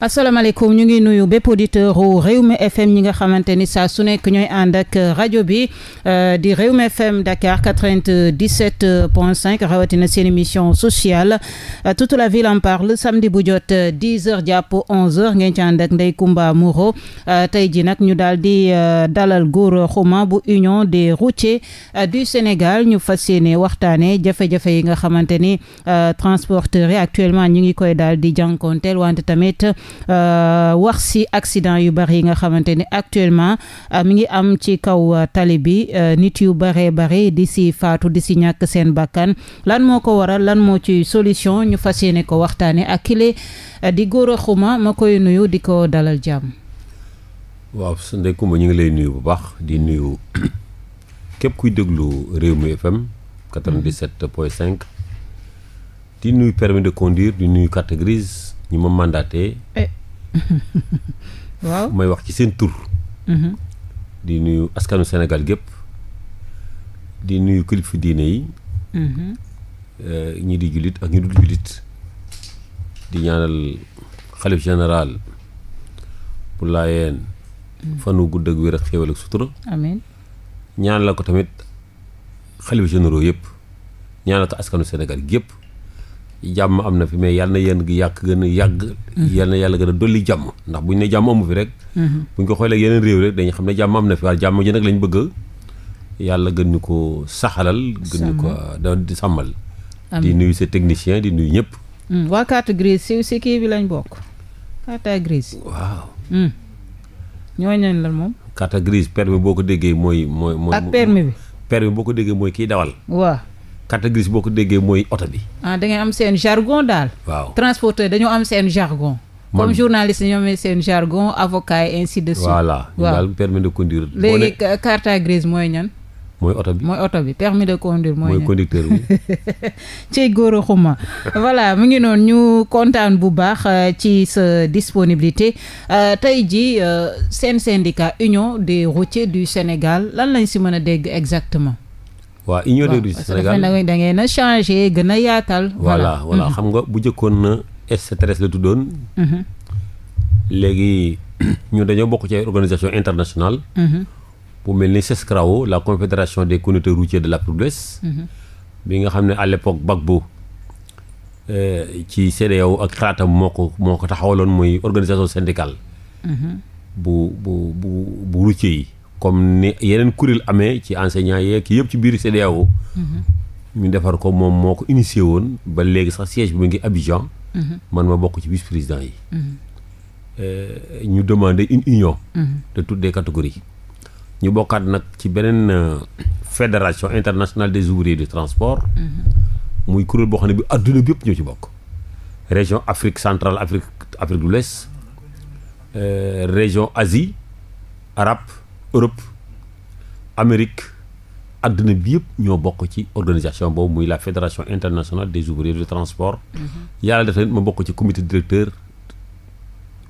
asalaamaaleykum ñu ngi nuyu bépp auditeur u Rewmi FM ñi nga xamante ni saa su nekk ñooy ànd ak rajo bi euh, di Rewmi FM Dakar quatre-vingt-dix-sept point cinq rawatina seen émission sociale euh, toute la ville en parle samedi bu jot euh, dix heures jàpp onze heures ngeen ci ànd ak Ndeye Comba tey ji nag ñu daal di dalal Gora Khouma bu Union des routiers du Sénégal ñu fas yéene waxtaane jafe-jafe yi nga xamante ni transporteurs yi actuellement ñu ngi koy daal di jànkonteel want tamit Euh, wax ci accident yu bari yi nga xamante ni actuellement euh, mi ngi am ci kaw euh, tali bi nit yu baree bari di si faatu di si ñàkk seen bakkan lan moo ko waral lan moo ci solution ñu fas yéene ko waxtaanee ak kile di Gora Khouma ma koy nuyu di ko dalal jàmm. waaw su Ndeye Comba ñu ngi lay nuyu bu baax di nuyu képp kuy déglu Rewmi FM. 97 point 5 di nuyu permis de conduire di nuyu carte grise ñi ma mandaté. Eh. waaw may wax ci seen tur. Mm-hmm. di nuyu askanu senegal gépp di nuyu kilifa diine yi. Mm-hmm. Eh, ñi di jullit ak ñi dul jullit di ñaanal xalif général bu laayeen. Mm-hmm. fanu gudd ak wér ak xéewal ak sutura. ko tamit xalif généraux yëpp ñaan la ko askanu senegal gépp jàmm am na fi mais yal na yéen gi yàq gën a yàgg mm-hmm. yal na yàlla gën a dolli jàmm ndax bu ñu ne jàmm amu fi rek mm-hmm. buñ ko xoolee yeneen réew rek dañu xam ne jàmm am na fi waaye jàmm ji nag lañu bëgg yàlla gën ñu ko saxalal gën ñu ko di sàmmal di nuyu sa technicien di nuyu ñëpp mm, waa carte grise si si kii bi lañ bokk carte grise waaw mm. ñooñu lañ la moom carte grise permis boo ko déggee mooy mooy mooy ak permis bi permis boo ko déggee mooy kii dawal waaw carte grise boo ko déggee mooy oto bi. ah da ngeen am seen jargon daal. waaw transporteur dañoo am seen jargon. comme journaliste ñoomee seen jargon avocat et ainsi de suite. voilà ñu daal permis de conduire. mooy ñan. mooy oto bi mooy oto bi permis de conduire mooy. mooy conducteur bi. cey góor voilà mu ngi noonu ñu kontaan bu baax euh, ci sa disponibilité euh, tey ji euh, seen syndicat union des routiers du Sénégal lan lañ si mën a dégg exactement. waa union des rues du Sénégal da ngeen a changé gën a yaatal. voilà voilà mhm. xam nga bu njëkkoon na STRS la tuddoon. Mhm. léegi ñu dañoo bokk ci ay organisation internationale. Mhm. bu mel ni CESCRAO la confédération des communautés routières de la de bi nga xam ne à bag bu euh, ci CEDEAO ak xaatam moo ko moo ko taxawaloon mooy organisation syndicale. bu bu bu bu routier yi. comme ni yeneen kuréel amee ci enseignants yeeg yëpp ci biir CEDEAO mm-hmm. mm-hmm. ñu defar ko moom moo ko initié woon ba léegi sax siège bi mu ngi Abidjan mm-hmm. man ma bokk ci vice président yi euh, ñu demandé une union de toutes les catégories ñu bokkaat nag ci beneen euh, fédération internationale des ouvriers du transport muy kuréel boo xam ne bi adduna bi yëpp ñoo ci bokk région Afrique centrale Afrique Afrique de l'Ouest euh, région Asie arabe Europe Amérique àdduna bi yëpp ñoo bokk ci organisation boobu muy la fédération internationale des ouvriers du transport. Mm-hmm. yàlla def leen ma bokk ci comité directeur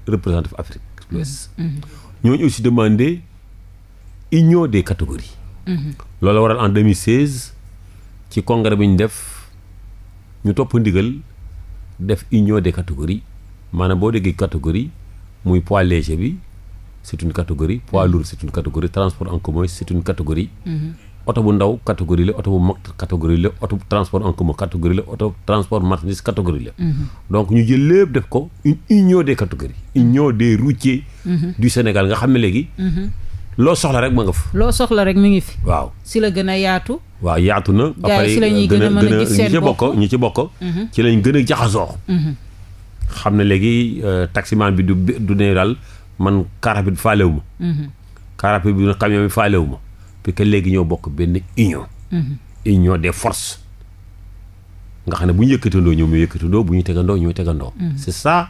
représentatif Afrique de l'Ouest. Mm-hmm. ñooñu aussi demandé union des catégories. Mm-hmm. loolu waral en ci congrès bi ñu def ñu topp ndigal def union des catégories maanaam boo déggee catégorie muy poids léger bi. c'est une catégorie poids lourd c'est une catégorie transport en commun c'est une catégorie. Mm-hmm. oto bu ndaw catégorie la oto bu mag catégorie la oto transport en commun catégorie la oto transport marchandise catégorie la. Mm-hmm. donc ñu jël lépp def ko une union des catégories. Mm-hmm. union des routiers. du Sénégal nga xam ne léegi. loo soxla rek ma ngi fi. waaw si la gën a yaatu. waaw yaatu na. gars si la euh, gën a mën a gis seen bopp a ci bokk ci lañ gën a jaxasoo. xam ne léegi euh, man carapide mhm. bi faalewu ma bi camion bi faalewu ma que léegi ñoo bokk benn mhm. union des forces nga xam ne bu ñu yëkkatandoo ñoom ñoo yëkkatandoo bu ñu tegandoo ñoo tegandoo mhm. c'est ça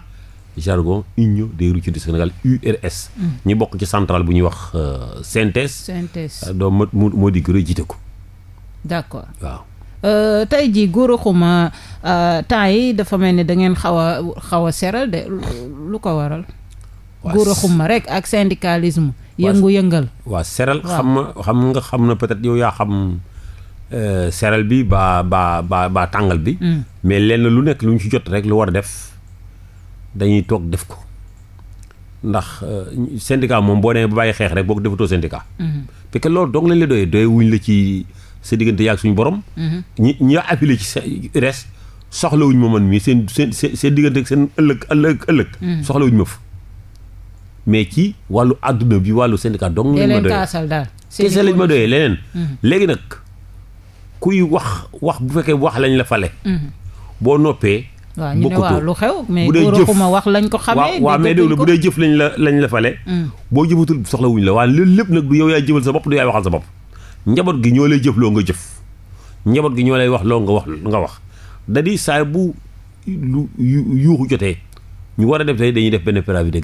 jargon union des routiers du Sénégal URS ñu bokk ci centrale bu ñuy wax euh, synthèse doo ma mu moo di gërë ko d'accord waaw euh, tey jii Gora Khouma euh, temps yi dafa mel ni da ngeen xaw a xaw a seral de lu ko waral góor a xumma rek ak syndicalisme yëngu-yëngal waaw seral xam ma xam nga xam na peut-être yow yaa xam euh, seral bi ba ba ba ba tàngal bi mm. mais lenn lu nekk lu ñu ci jot rek lu war a def dañuy toog def ko ndax euh, syndicat moom boo demee ba bàyyi xeex rek boo ko defatoo syndicat mm-hmm. parce que loolu dong lañ la doyee doye wuñ la ci sa diggante yaag suñu borom mm-hmm. ñi ñi appelé ci sa res soxlawuñ ma man mii seen seen seen diggante seen ëllëg ëllëg ëllëg mm-hmm. soxlawuñ ma fa mais ci wàllu àdduna bi wàllu syndicat dong lañ ma doyee lañ ma doyee leneen mhm. léegi nag kuy wax wax bu fekkee wax lañ la fale mhm. boo noppee waaw ñu ne waaw lu xew mais góor ko wax lañ ko xamee waaw mais déglu bu dee jëf lañ la lañ la fale mhm. boo jëfatul soxla wuñ la waa loolu lépp nag du yow yaay jëfal sa bopp du yaay waxal sa bopp njaboot gi ñoo lay jëf loo nga jëf njaboot gi ñoo lay wax loo nga wax nga wax da saay bu lu yuuxu jotee ñu war a def tey dañuy def benn préavis de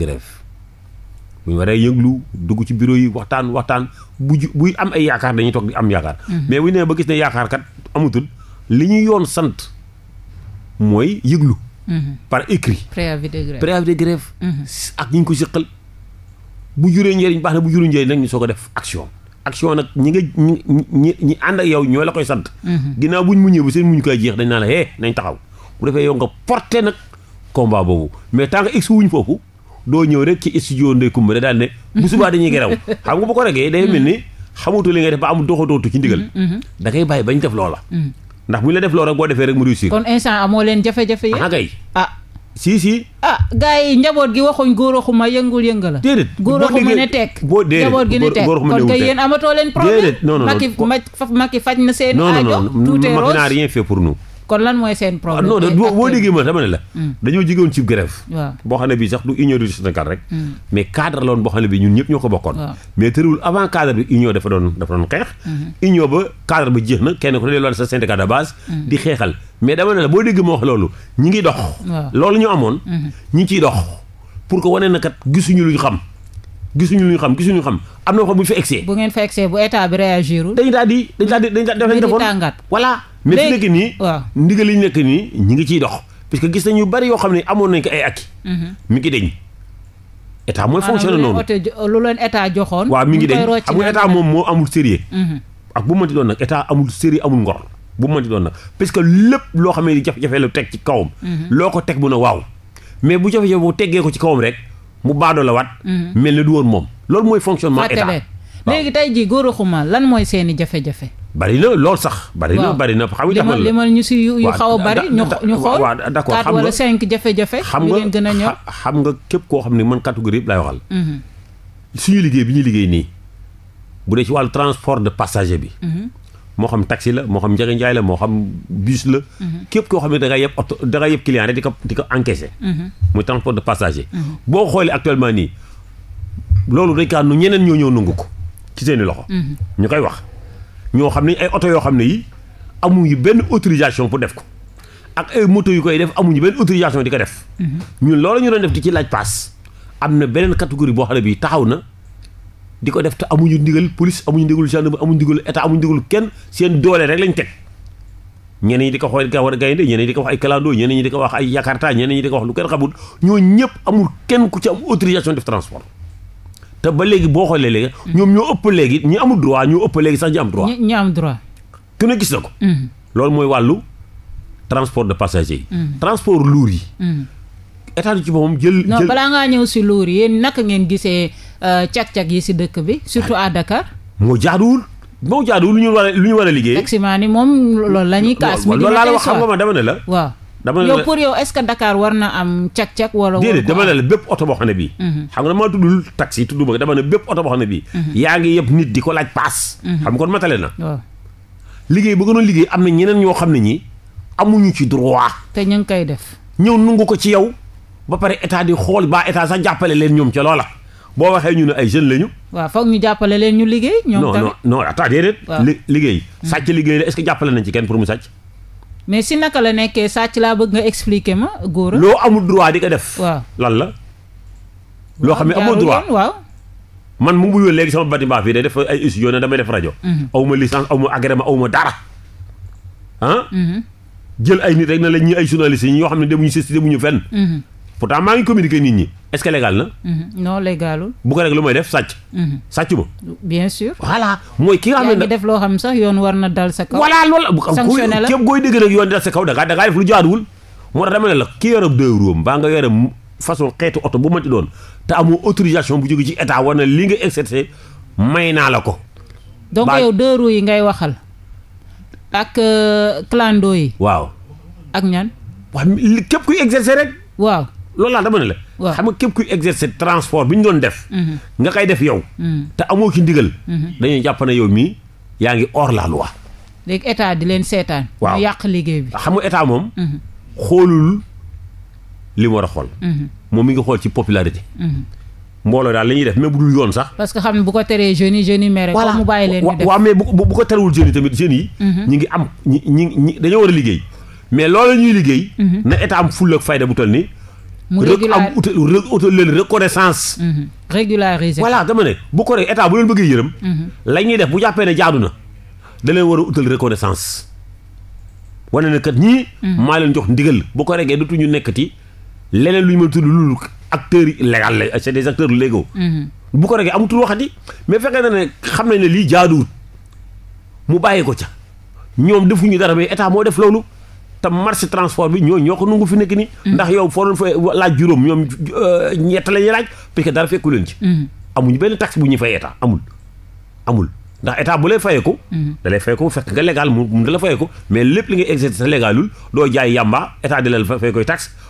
bu ñu waree yëglu dugg ci biro yi waxtaan waxtaan bu ju buy am ay yaakaar dañuy toog di am yaakaar. Mm-hmm. mais bu ñu ba gis ne yaakaar kat amatul li ñu yoon sant mooy yëglu. Mm-hmm. par écrit. préavis de grève préavis de grève. Mm-hmm. ak ñi ñu ko siqal bu juree njëriñ baax bu juree njëriñ nag ñu soog a def ñi nga ñi ñi ñi ànd ak yow ñoo la koy sant. ginnaaw buñ muñee bu seen muñ koy jeex dañ naan la hee nañ taxaw bu defee yow nga porté nag combat boobu mais tant que egg wuñ foofu. doo ñëw rek ci studio Ndeye da daal ne bu subaa dañuy geraw xam nga bu ko regee day mel ni xamutu nga def ba am doxatootu ci ndigal mm-hmm, mm-hmm. da bàyyi bañ def loola mm-hmm. ndax bu ñu la def loola boo defee rek mu réussir kon instant amoo leen jafe-jafe yi ah, ah si si ah gars yi njaboot gi waxuñ góoraxuma yëngul yënga la déedéet góoraxuma ne tekk boo déedéet njaboot gi ne tekk kon kay yéen amatoo leen problème déedéet non faj na seen aajo tout est rose pour nous kon lan mooy seen problème. Ah, non boo déggee ma dama ne la. Hmm. dañoo jigéen ci grève. waaw boo xam ne bii sax du union du Sénégal rek. Hmm. mais cadre la woon boo xam ne bii ñun ñëpp ñoo ko bokkoon. mais tëriwul avant cadre bi union dafa doon dafa doon xeex. Hmm. union ba cadre ba jeex na kenn ku ne sa syndicat de base. di xeexal mais dama ne la boo dégg ma wax loolu ñi ngi dox. loolu ñu amoon. ñi ciy dox pour que wane na kat gisuñu lu ñu xam. gisuñu lu ñu xam gisuñu xam am na xam bu ñu fa egsee. ngeen fa egsee bu état bi réagirul. dañu daal di dañu daal di dañu dañu defoon mais fi nekk nii waaw ndigal yi nekk nii ñi ngi ciy dox parce que gis nañu bari yoo xam ne amoon nañ ko ay acquis mhm. mi ngi deñ état mooy fonctionné noonu lu leen état joxoon waaw mi ngi deñ xam nga état moom moo amul sérieux mhm. ak bu mënti doon nag état amul sérieux amul ngor bu mënti doon nag parce que lépp loo xam ne jafe-jafe la teg ci kawam mhm. loo ko teg mun a waaw mais bu jafe-jafe bu teggee ko ci kawam rek mu baadoo la waat mel na du woon moom loolu mooy fonctionnement état léegi tey jii góor xuma lan mooy seeni jafe-jafe bari na lool sax. bari na bari na xaw ma limal ñu si yu xaw a bari. ñu ñu xool quatre wala cinq jafe-jafe. xam nga xam nga képp koo xam ne man catégorie yëpp laay waxal. Mhm. suñu liggéey bi ñu liggéey nii bu dee ci wàllu transport de passager bi. Mhm. moo xam taxi la moo xam njëge la moo xam bus la. Mhm. képp koo xam ne da ngay yeb oto da ngay yeb client rek di ko di ko encaissé. muy transport de passager. boo xoolee actuellement nii loolu dañ a nu ñeneen ñoo ñëw ko ci seen i loxo. ñu ñoo xam ne ay oto yoo xam ne yi amuñu benn autorisation bu def ko ak ay moto yu koy def amuñu benn autorisation di ko def. Mhm. ñu loolu ñu doon def di ci laaj paas am na beneen catégorie boo xam ne bii taxaw na di ko def te amuñu ndigal police amuñu ndigal gendarme amuñu ndigal état amuñu ndigal kenn seen doole rek lañ teg. ñeneen ñi di ko xool ka war a gaynde ñeneen ñi di ko wax ay kalandoo ñeneen ñi di ko wax ay yakarta ñeneen ñi di ko wax lu kenn xamul ñoo ñëpp amul kenn ku ci am autorisation def transport. te ba léegi boo xoolee léegi. ñoom ñoo ëpp léegi ñi amul droit ñoo ëpp léegi sax ñi am droit. ñi am droit. ku ne gis na ko. Mm-hmm. loolu mooy wàllu transport de passagers yi. Mm-hmm. transport lourd yi. Mm-hmm. état du ci moom jël. non balaa ngaa ñëw si lourd yi yéen naka ngeen gisee euh, cag-cag yi si dëkk bi surtout à Dakar. moo jaaduwul. moo jaaduwul lu ñu war a lu ñu war a liggéey. taximaan moom loolu la ñuy kaas. la ma dama la waaw. dama ne la yow pour yow est-ce que war na am cak-cak wala. déedéet dama la bépp oto boo xam ne bii. Mhm. xam nga maa tuddul taxi tudd ma dama ne bépp oto boo xam ne mhm. yaa ngi yëpp nit di ko laaj paas. Mhm. xam nga kon matale na. waaw liggéey liggéey am na ñeneen ñoo xam ne ñi amuñu ci droit. te ñu ngi koy def. ñëw nungu ko ci yow ba pare état di xool ba état sax jàppale leen ñoom ca la boo waxee ñu ne ay jeunes lañu. waaw foog ñu jàppale leen ñu liggéey. ñoom tamit non non non attends déedéet. liggéey sàcc liggéey la est-ce jàppale nañ ci kenn pour mu sàcc mais si naka la nekkee sàcc laa bëgg nga expliquer ma góor. loo amul droit di ko def. waaw lan la. loo xam ne amul droit waaw. man mu ngi léegi sama bati mbaa fii day def ay studio ne damay def rajo. Mhm. aw ma licence aw ma agrément aw ma dara. ah. Mhm. jël ay nit rek na la ñuy ay journalistes yi ñoo xam ne demuñu sës demuñu fenn. Mhm. pourtant maa ngi communiquer nit ñi est-ce na. Mhm. non légalul. bu rek lu may def sàcc. Mhm. sàcc ma. bien sûr. voilà mooy ki nga xam ne nag def loo xam sax yoon war na dal sa kaw. voilà yoon dal sa kaw da ngaa da ngaa def lu jaaduwul. moo tax dama ne la ki yore deux roues mbaa nga naa la ko. donc yow deux yi ngay waxal. ak euh, clando yi. waaw. ak ñan. waaw képp kuy exercer rek. waaw lool laa dama ne la. waaw xam nga képp kuy exercer transport bi ñu doon def. Mhm. nga koy def yow. Mhm. te amoo ci ndigal. Mhm. dañuy jàpp ne yow mii yaa ngi hors la loi. léegi état di leen seetaan. waaw yàq liggéey bi. xam nga état moom. xoolul li mu war a xool. moom mi ngi xool ci popularité. mbooloo daal la ñuy def mais bu dul yoon sax. parce que xam ne bu ko teree jeunes yi mere. voilà mu bàyyi leen ñu def waaw bu bu ko terewul jeunes tamit jeunes ñi ngi am ñi ñi dañoo war a liggéey. mais loolu ñuy liggéey. na état am fulla ak fayda bu mu régulariser am utal leen reconnaissance. Mm-hmm. régulariser voilà dama ne bu ko état bu leen bëggee yërëm. Mm-hmm. la ñuy def bu jàppee ne jaadu na da leen war a utal reconnaissance. wane na kat ñii. Mm-hmm. maa leen jox ndigal bu ko regee dootuñu nekkati leneen lu ñu mën tudd lu acteurs yi légal la c'est des acteurs légaux. bu ko regee amatul waxati mais fekkee na ne xam nañ ne lii jaaduwut mu bàyyi ko ca ñoom defuñu dara mais état moo def loolu. te marché transport bi ñoo ñoo ko nangu fi nekk nii. Mm. ndax yow foo doon fa euh, la ñuy laaj parce que dara fekku leen ci. Mm. bu fay état amul amul. ndax bu lay fayeeku mm. da lay fayeeku fekk nga légal mu la fayeeku mais lépp li ngay exercer sa doo jaay yàmba état di la fay koy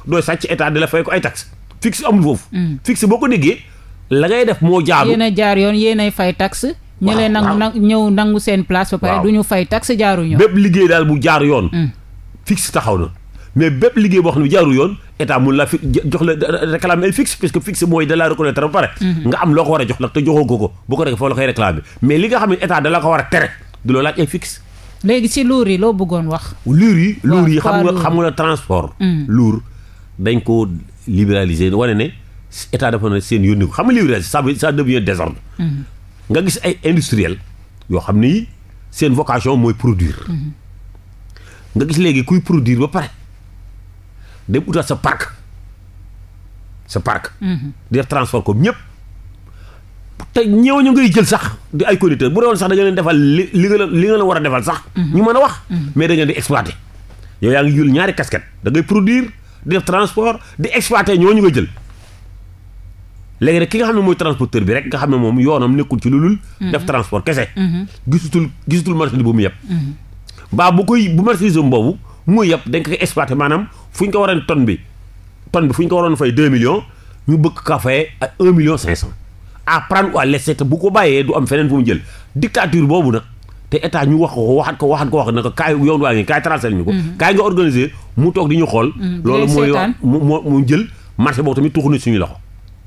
doo sàcc état di la fay ko ay boo ko déggee la ngay def moo jaadu yéen a jaar yoon yéen ay fay taxe ñu leen nangu nangu ñëw nangu seen place ba pare du ñu fay taxe jaaru ñoom bépp liggéey daal bu jaar yoon fixe taxaw na mais bépp liggéey boo xam ne jaarul yoon état mun laa fi jox la réclamer ay fixe parce que fixe mooy da laa reconnaître pare mhm. nga am loo ko war a jox nag te joxoo ko ko bu ko defee foofu la koy réclamer mais li nga xam ne état da ko war a tere du loo ay fixe léegi ci luur yi loo bëggoon wax luur yi luur yi xam nga xam transport mhm. luur dañ ko libéraliser wane ne état dafa seen yónni ko mhm. xam ne yi seen vocation mooy produire nga gis léegi kuy produire ba pare dem utaat sa parc sa parc. Mhm. di def transport comme ñëpp. te ñëw ñu ngay jël sax di ay conducteur bu doon sax dañoo leen defal li li war a defal sax. Mhm. ñu mën a wax. Mhm. mais dañoo di exploiter. yow yaa ñaari casquette da ngay produire transport di exploiter ñoo ñu ngay jël. léegi nag ki xam ne mooy transporteur bi rek nga xam ne moom yoonam nekkul ci lu dul. def transport kese. gisutul gisutul marchandise bu mu yeb. baa bu koy bu marchandise am boobu muy yëpp dañ koy exploité maanaam fu ñu ko waroon tonne bi tonne ñu ko waroon fay 2 millions ñu bëgg kaa bu ko bàyyee du am feneen fu mu jël dictature boobu nag te état ñu wax ko waxaat ko waxaat ko wax na ko kaay yoon waa ngi kaay transfert ñu ko. Mhm. kaay nga organiser mu toog di ñu xool. Mhm, loolu mooy mu jël marché boobu tamit tuxu na suñu loxo.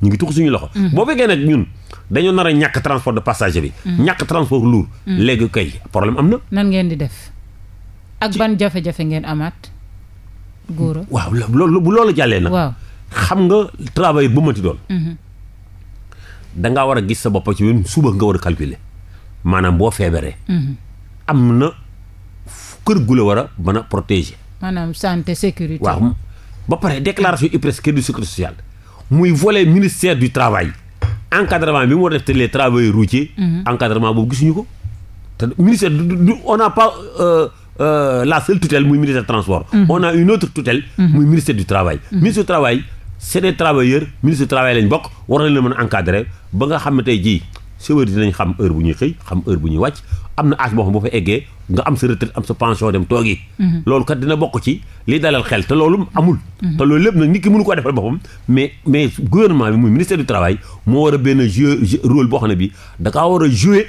ñu ngi tuxu suñu loxo. Mhm. boo fekkee nag ñun dañoo nar a ñàkk transport de passager bi. ñ transport lourd. léegi kay problème am na. nan ak ban jafe-jafe ngeen amaat góora waaw loolu bu loolu jàllee nag waaw xam nga travail bu mënti doon mhm. dangaa war a gis sa bopp ci biir suba nga war a calculer maanaam boo feebaree mhm. am na kër gu la war a mën a ba pare déclaration IPRES kër du sécurité sociale muy volet ministère du travail encadrement bi mu war a def te les travailleurs routiers mhm. encadrement boobu ko ministère du on n'a pas euh, Euh, la seule tutelle muy ministère transport. Mhm. on a une autre tutelle. Mhm. muy ministère du travail. Mhm. ministère du travail c'est des travailleurs ministère du travail lañ bokk war na leen mën a encadrer ba nga xam ne tey jii chauffeur dinañ xam heure bu ñuy xëy xam heure bu ñuy wàcc am na âge boo xam boo fa eggee nga am sa retraite am sa pension dem toogi. loolu kat dina bokk ci li dalal xel te loolu amul. te loolu lépp nag nit ki mënu ko defal boppam mais mais gouvernement bi muy ministère du moo benn jouer boo xam ne bi da war a jouer.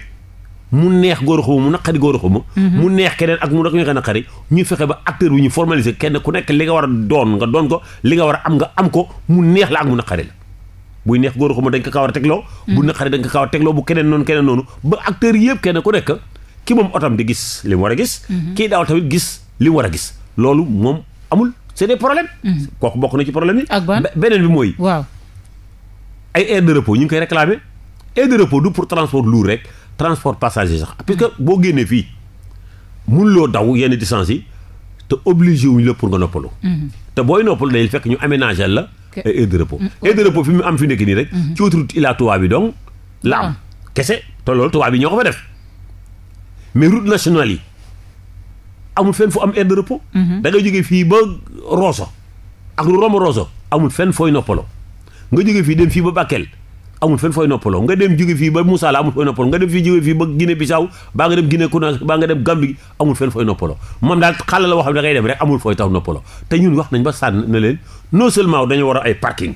mu neex góor xuma mu naqari góor xuma mhm. mu neex keneen ak mu nag ñu ko naqari ñu fexe ba acteur bi ñu formaliser kenn ku nekk li nga war a doon nga doon ko li nga war a am nga am ko mu neex la ak mu naqari la buy neex góor xuma dañ ko kawar a tegloo mhm. bu naqari dañ ko kawar a tegloo bu keneen noonu keneen noonu ba acteur yëpp kenn ku nekk ki moom otam di gis li mu war a gis mhm. kii daaw tamit li mu a gis loolu moom amul c'est des problèmes kooku bokk na ci problème yi beneen bi mooy waaw ay aire ñu ngi koy réclamer aire de repos du pour transport transport passager sax puisque boo génnee fii mënuloo daw yenn distance yi te obligé wuñ la pour nga noppalu mhm. te booy noppalu day fekk ñu aménager la ay heure de repos heure mhm. de fi mu am fi nekk nii rek mhm. ci autoroute Ila Touba bi donc la am ah. kese te loolu Touba bi ñoo ko fa def mais route nationale yi amul fenn fu am heure de repos fii ba Rosso ak lu romb Rosso amul fenn fooy noppaloo nga jógee fii dem fii ba Bakel amul fenn fooy noppaloo nga dem jóge fii ba Moussala amul fooy noppaloo nga dem fii jóge fii ba Guinée Bissau baa nga dem Guinée Conakry baa nga dem Gambie amul fenn fooy noppaloo moom daal xàlla la ne da dem rek amul fooy taw noppaloo te ñun wax nañ ba sànn na leen non seulement dañu war a ay parking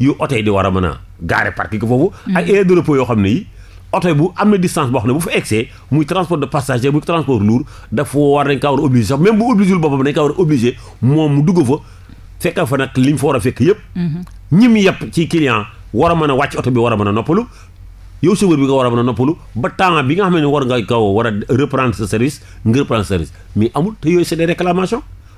yu oto yi di war a mën a gaare parking foofu mm. ak aire de repos yoo xam ne yi oto bu am na distance boo xam ne bu fa egsee muy transport de passager muy transport lourd war a mën a wàcc oto bi war a mën a noppalu yow chauffeur bi nga war a mën a noppalu ba temps bi nga xam ne war nga kaw war a reprendre sa service nga reprendre service mais amul te yooyu c'est des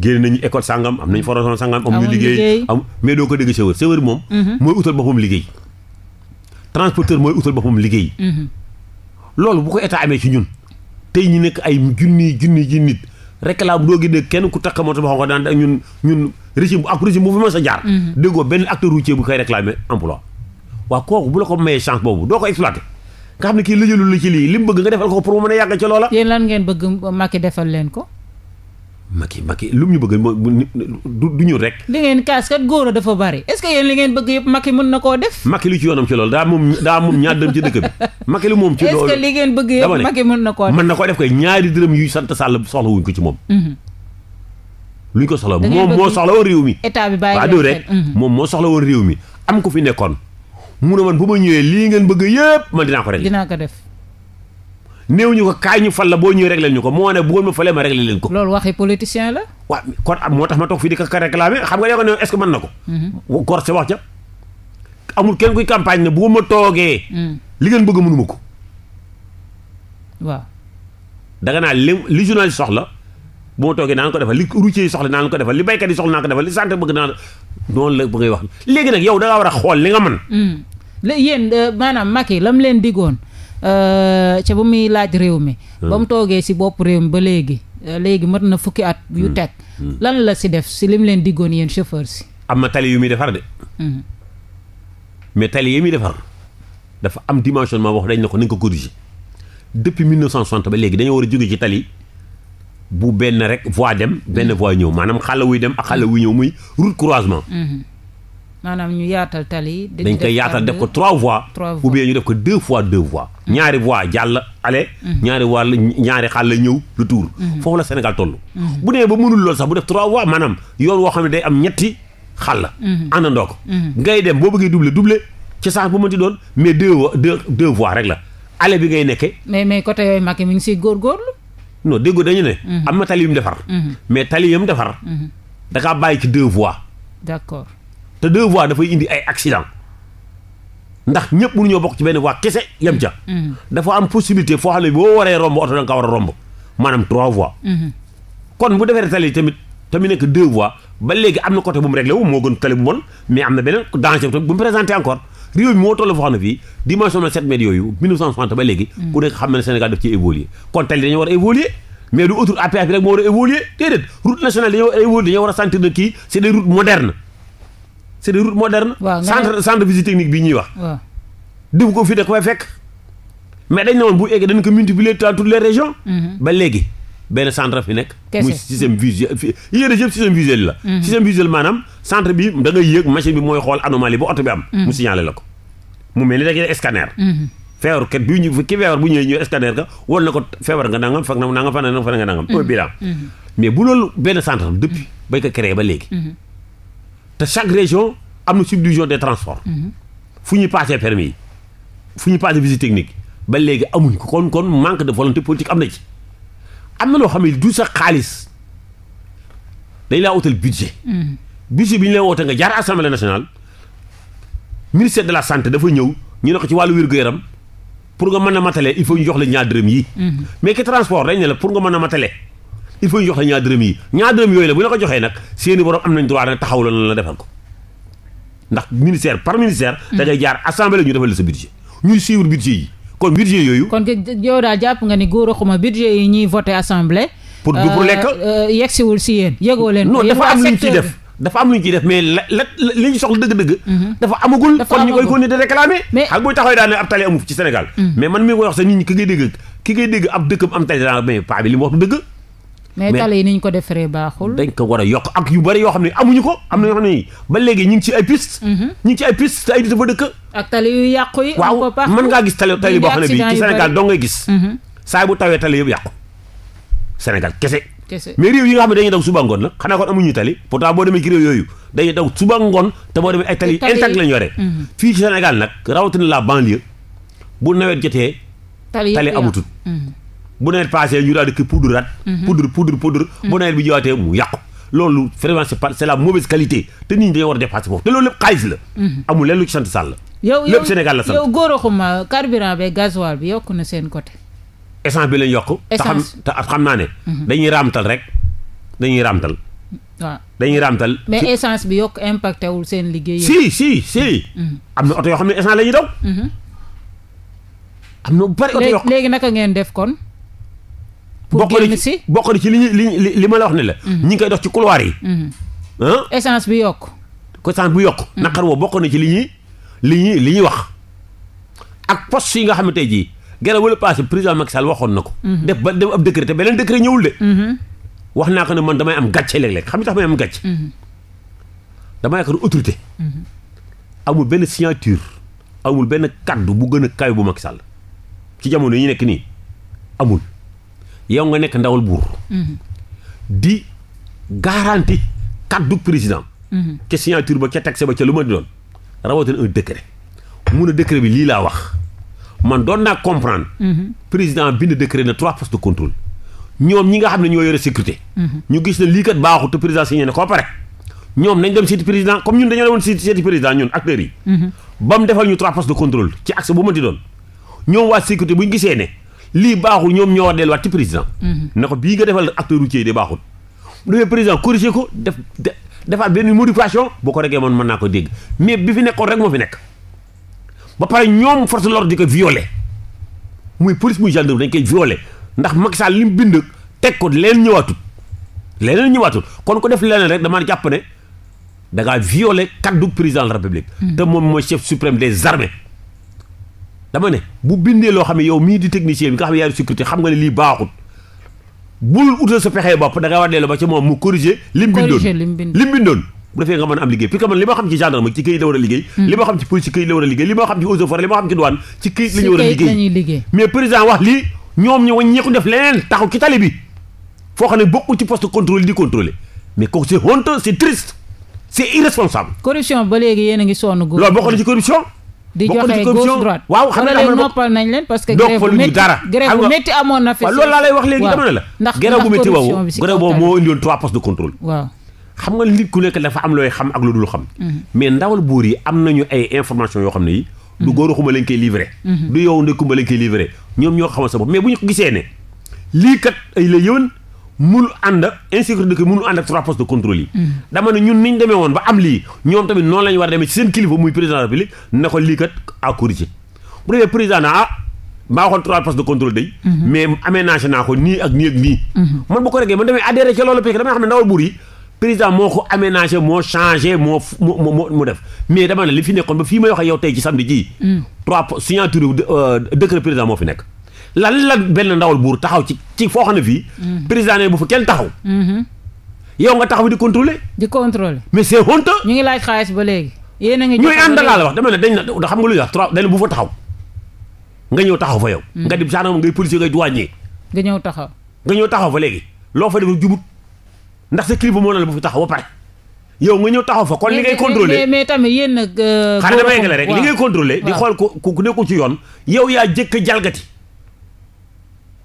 génne nañu école sàngam am nañu formation sàngam am ñu liggéey am mais doo ko dégg chauffeur chauffeur moom mhm. mooy utal boppam liggéey transporteur mooy utal boppam liggéey mhm. loolu bu ko état amee ci ñun tey ñu nekk ay junni junni ji nit réclame doo gi dégg kenn ku takk moto ba xam nga daan ñun ñun régime ak régime bu fi mën sa jaar mhm. déggoo benn acteur routier bu koy réclamer emploi waaw kooku bu la ko mayee chance boobu doo ko exploité nga xam ne kii lëjëlul a yàgg Macky Macky lu ñu bëgg du ñu rek. li ngeen kaas kat góor a dafa bari est-ce que li ngeen bëgg yëpp Macky mën na ko def. Macky lu ci yoonam ci loolu daa moom daa moom ñaar dërëm ci dëkk bi. moom na koo def na koo def kay ñaari dërëm yu sant Sall soxla wuñ ko ci moom. Mhm. luñ ko soxla moom moo soxla woon réew mi. état bi bàyyi waaw rek mhm. moom moo soxla woon réew mi am ko fi nekkoon mu ne man bu ma ñëwee ngeen bëgg yëpp man dinaa ko def néew ñu ko kaay ñu fal la boo ñëwee réglé ñu ko moo ne bu ma falee ma réglé leen ko. loolu waxi politicien la. waaw kon moo tax ma toog fii di ko réclamer xam nga ne ko ne est ce que mën na ko. Mhm. góor wax ca amul kenn kuy campagne ne bu ma toogee. Mhm. li ngeen bëgg mënuma ko. waaw. danga naa li li journaliste soxla. bu ma toogee naan ko defal li routier yi soxla naan ko defal li béykat yi soxla naan ko defal li santé bëgg naan noonu la bëggee wax léegi nag yow da war a xool li nga man mhm. la yéen euh, maanaam Macky la mu leen digoon Euh, ca ba muy laaj réew mi. Hmm. ba mu toogee si bopp réew mi ba léegi. Euh, léegi mat na fukki at. yu hmm. teg hmm. lan la si def si li mu leen diggoon yéen chauffeur si. am na tali yu muy defar de. mais tali yi muy defar dafa am ma wax dañ la ko nañ ko corriger depuis sont ba léegi dañoo war a jóge ci tali bu benn rek voie dem benn voie ñëw maanaam xàll wuy dem ak xàll wu ñëw muy route croisement. maanaam ñu yaatal tali. dañ koy yaatal def ko trois voies. trois voies ou bien ñu def ko deux fois deux voies. ñaari voies jàll ale. Mm-hmm. ñaari voies la ñaari xaal la ñëw le tour. Mm-hmm. foofu la Sénégal toll. Mm-hmm. bu nee ba mënul lool sax bu def trois voies maanaam yoon woo xam ne day am ñetti xaal la. àndandoo ko. ngay dem boo bëggee double double ci sens bu mënti doon mais deux deux deux la ale bi ngay nekkee. mais mais côté yooyu Macky mi ngi siy góorgóorlu. non déggoo dañu ne. am na tali yu mu defar. mais tali defar. da kaa bàyyi te deux voies dafay indi ay accident ndax ñëpp mënuñoo bokk ci benn voie kese yem ca. Mm-hmm. dafa am possibilité foo xam ne boo waree romb oto da nga war a romb maanaam trois voies. Mm-hmm. kon bu defee tali tamit tamit nekk deux voies ba léegi am na côté bu mu réglé wu moo gën tali bu bon mais am na beneen danger bu mu présenté encore réew mi moo toll foo xam fii dimension na sept mètres yooyu ba léegi. Mm-hmm. ku nekk xam na ne Sénégal daf ci évoluer kon tali dañoo war a évoluer mais du autoroute à péage rek moo war évoluer déedéet route nationale dañoo war a c'est des routes modernes. waaw centre centre bi ñuy wax. waaw ko fii da ko fay fekk. mais dañ ne woon bu eggee dañ ko multiplier dans toutes les régions. Mhm. ba léegi benn centre fi nekk. muy système visuel fi yéen yëpp système visuel la. Mhm. système visuel maanaam centre bi da ngay yëg machine bi mooy xool anomalie bu oto bi am. Mhm. mu signalé la ko mu mel ni da ngay scanner. feebar kat bi ñu ki feebar bu ñëwee ñëw scanner ka wol na ko feebar nga nangam fag na nangam fan nga nangam. au bilan mais bu loolu benn centre depuis bañ ko créé ba léegi. te chaque région am na subdivision des transports. Mhm. fu ñuy passé permi yi fu ñuy passé visite technique ba léegi amuñ ko kon kon manque de volonté politique am na ci am na loo xam ne du sa xaalis dañ laa wutal budget. Mhm. budget bi ñu lay woote nga jaar assemblée nationale ministère de la santé dafa ñëw ñu ne ko ci wàllu wér-gu-yaram pour nga mën a matale il faut ñu jox la ñaar dërëm yi. Mhm. mais que transport dañ ne la pour nga mën a matale. il faut ñu jox la ñaar dërëm yi ñaar dërëm yooyu la bu la ko joxee nag seeni borom am nañ droit ne taxaw la la defal ko ndax ministère par ministère hmm. da jaar assemblée ñu defal la sa budget ñuy suivre budget yi kon budget yooyu kon yow daal jàpp nga ni góor xuma budget yi ñuy voté assemblée pour du pour euh, lekk euh, yegsiwul si yéen yëgoo leen non dafa am lu ñu ciy def dafa am lu ñu def mais la la li ñu soxla dëgg-dëgg mhm. dafa amagul kon mais tali yi ko defaree baaxul. dañ ko war a yokk ak yu bari yoo xam ne amuñu ko am na yoo ba léegi ñu ngi ci ay piste. Mhm. ñu ngi ci ay piste te ay nit dafa dëkk. ak tali yu yàqu yi. waaw mën ngaa gis tali tali boo xam ne bii ci Sénégal doo ngay gis. Mhm. kese. mais réew yi nga xam ne dañuy daw suba ngoon la xanaa kon amuñu tali pourtant boo demee ci réew yooyu dañuy daw suba ngoon te boo demee ay tali intact lañu yore. Mhm. fii ci nag rawatina la banlieue bu nawet jotee. tali amutul bu nawet passé ñu daal di ki poudre rat mhm. poudre poudre poudre mhm. bu nawet bi jowaatee mu yàqu loolu vraiment c'est pas c'est la mauvaise qualité te nit ñi dañoo war a dépassé foofu te loolu lépp xaalis la mhm. yokk seen côté essence bi lañ yokk te xam xam naa ne dañuy raamtal rek dañuy raamtal waaw dañuy raamtal. mais essence bi yokk impacté wul seen liggéey. si si am na oto yoo xam ne essence la ñuy daw. am na bu bari oto yoo léegi a ngeen def kon. pour génn si bokk na ci li li li ma la wax ne la. Mm-hmm. ñi ngi koy dox ci couloir yi. Mm-hmm. essence bi yokk. essence bu yokk. Mm-hmm. naqar woo bokk na ci li ñuy li ñuy li ñuy wax ak poste yi nga xam ne tey jii gerte wala passé président Macky waxoon na ko. def ba def ab décret te beneen décret ñëwul de. wax naa ko ne man damay am gàcce léeg-léeg xam nga tax may am gàcce. damay yaakaar autorité. amul benn signature amul benn kaddu bu gën a kaay bu Macky Sall ci jamono yi ñu nekk nii amul. yow nga nekk ndawal buur. Mhm. di garanti kaddu président. Mhm. ca signature ba ca texte ba ca lu ma di doon rawatina un décret. mun a décret bi lii laa wax man doon naa comprendre. Mhm. président bind décret na trois postes de contrôle. ñoom ñi nga xam ne ñoo yore sécurité. ñu gis ne lii kat baaxut président signé ko pare. ñoom nañ dem seeti président comme ñun dañoo demoon seeti président ñun acteurs ba mu defal ñu trois postes de contrôle ci accès bu ma doon. ñoom lii baaxul ñoom ñoo war delluwaat ci président. Mhm. na ko bii nga defal acteur routier yi de baaxul. bu defee président ko def defaat benn modification boo ko reggee man mën naa ko dégg mais bi fi nekkoon rek moo fi nekk. ba pare ñoom force de l'ordre di muy police muy gendarme dañ koy violé ndax Macky Sall li mu bind teg ko leen ñëwaatul leneen ñëwaatul kon ko def leneen rek damaa jàpp ne da ngaa violé kaddu président de la république. Mhm. moom mooy chef suprême des armées. dama ne bu bindee xam yow mii di technicien bi nga xam ne yaa sécurité xam nga ne lii baaxut bul utal sa pexee bopp da nga war delloo ba ci moom mu corriger lim bindoon lim bindoon bu defee nga mën a am liggéey parce que man li ma xam ci gendarme a liggéey hmm. li ma xam ci police ci këyit la war a liggéey li xam ci eaux et forêts xam ci douane ci këyit la war a liggéey mais président wax lii ñoom ñu wàññeeku def leneen taxaw ci tali bi foo xam ne bokku ci poste contrôle di contrôler ngi sonn di joxe gauche droite waaw xam nga noppal nañ leen parce que grève bu métti amoon na fi waaw loolu ne la ndax grève bu métti boobu grève boobu moo indiwoon trois postes de contrôle xam nga nit ku nekk dafa am looy xam ak lu dul xam mm-hmm. mais ndawal buur yi am nañu ay information yoo xam ne yi mm-hmm. du góor xuma lañ koy livré mm-hmm. du yow ndëkkumba lañ koy livré ñoom ñoo xamal sa bopp mais bu ñu ko gisee ne lii kat ay la yëwan mënul ànd ak insécurité que mënul ànd ak trois postes de contrôle yi dama ne ñun niñ demee woon ba am lii ñoom tamit noonu la war a demee ci seen kilifa muy président de la république na ko lii kat à corriger bu demee président na ah de contrôle day mhm. mais aménagé naa ko nii ak nii ak nii mhm. man bu ko reggee man damay adhéré ci loolu parce que dama xam ne ndawal buur yi président moo ko aménagé moo changé moo mu def mais dama ne li fi nekkoon ba fii may wax ak yow tey ci samedi jii mm. trois signature euh, décret président moo fi lan la benn ndawal buur taxaw ci ci foo xam ne fii. Mhm. président ne bu fa kenn taxaw. Mhm. yow nga taxaw di contrôler. di contrôler mais c'est honte. ñu ngi laaj xaalis ba léegi. yéen a ngi ñooy ànd laa la wax dama ne dañ na xam nga lu ñuy wax trois dañ bu taxaw. nga ñëw taxaw fa yow. Mhm. nga di gendarme ngay policier ngay douanier. nga ñëw taxaw. nga ñëw taxaw fa léegi loo fa def jubut ndax sa kilifa moo na la bu fa taxaw ba pare. yow nga ñëw taxaw fa kon li ngay contrôlé mais mais tamit yéen nag. Euh, xanaa dama yëngale rek li ngay contrôlé. di xool ku ku nekkul ci yoon. yow yaa jëkk jalgati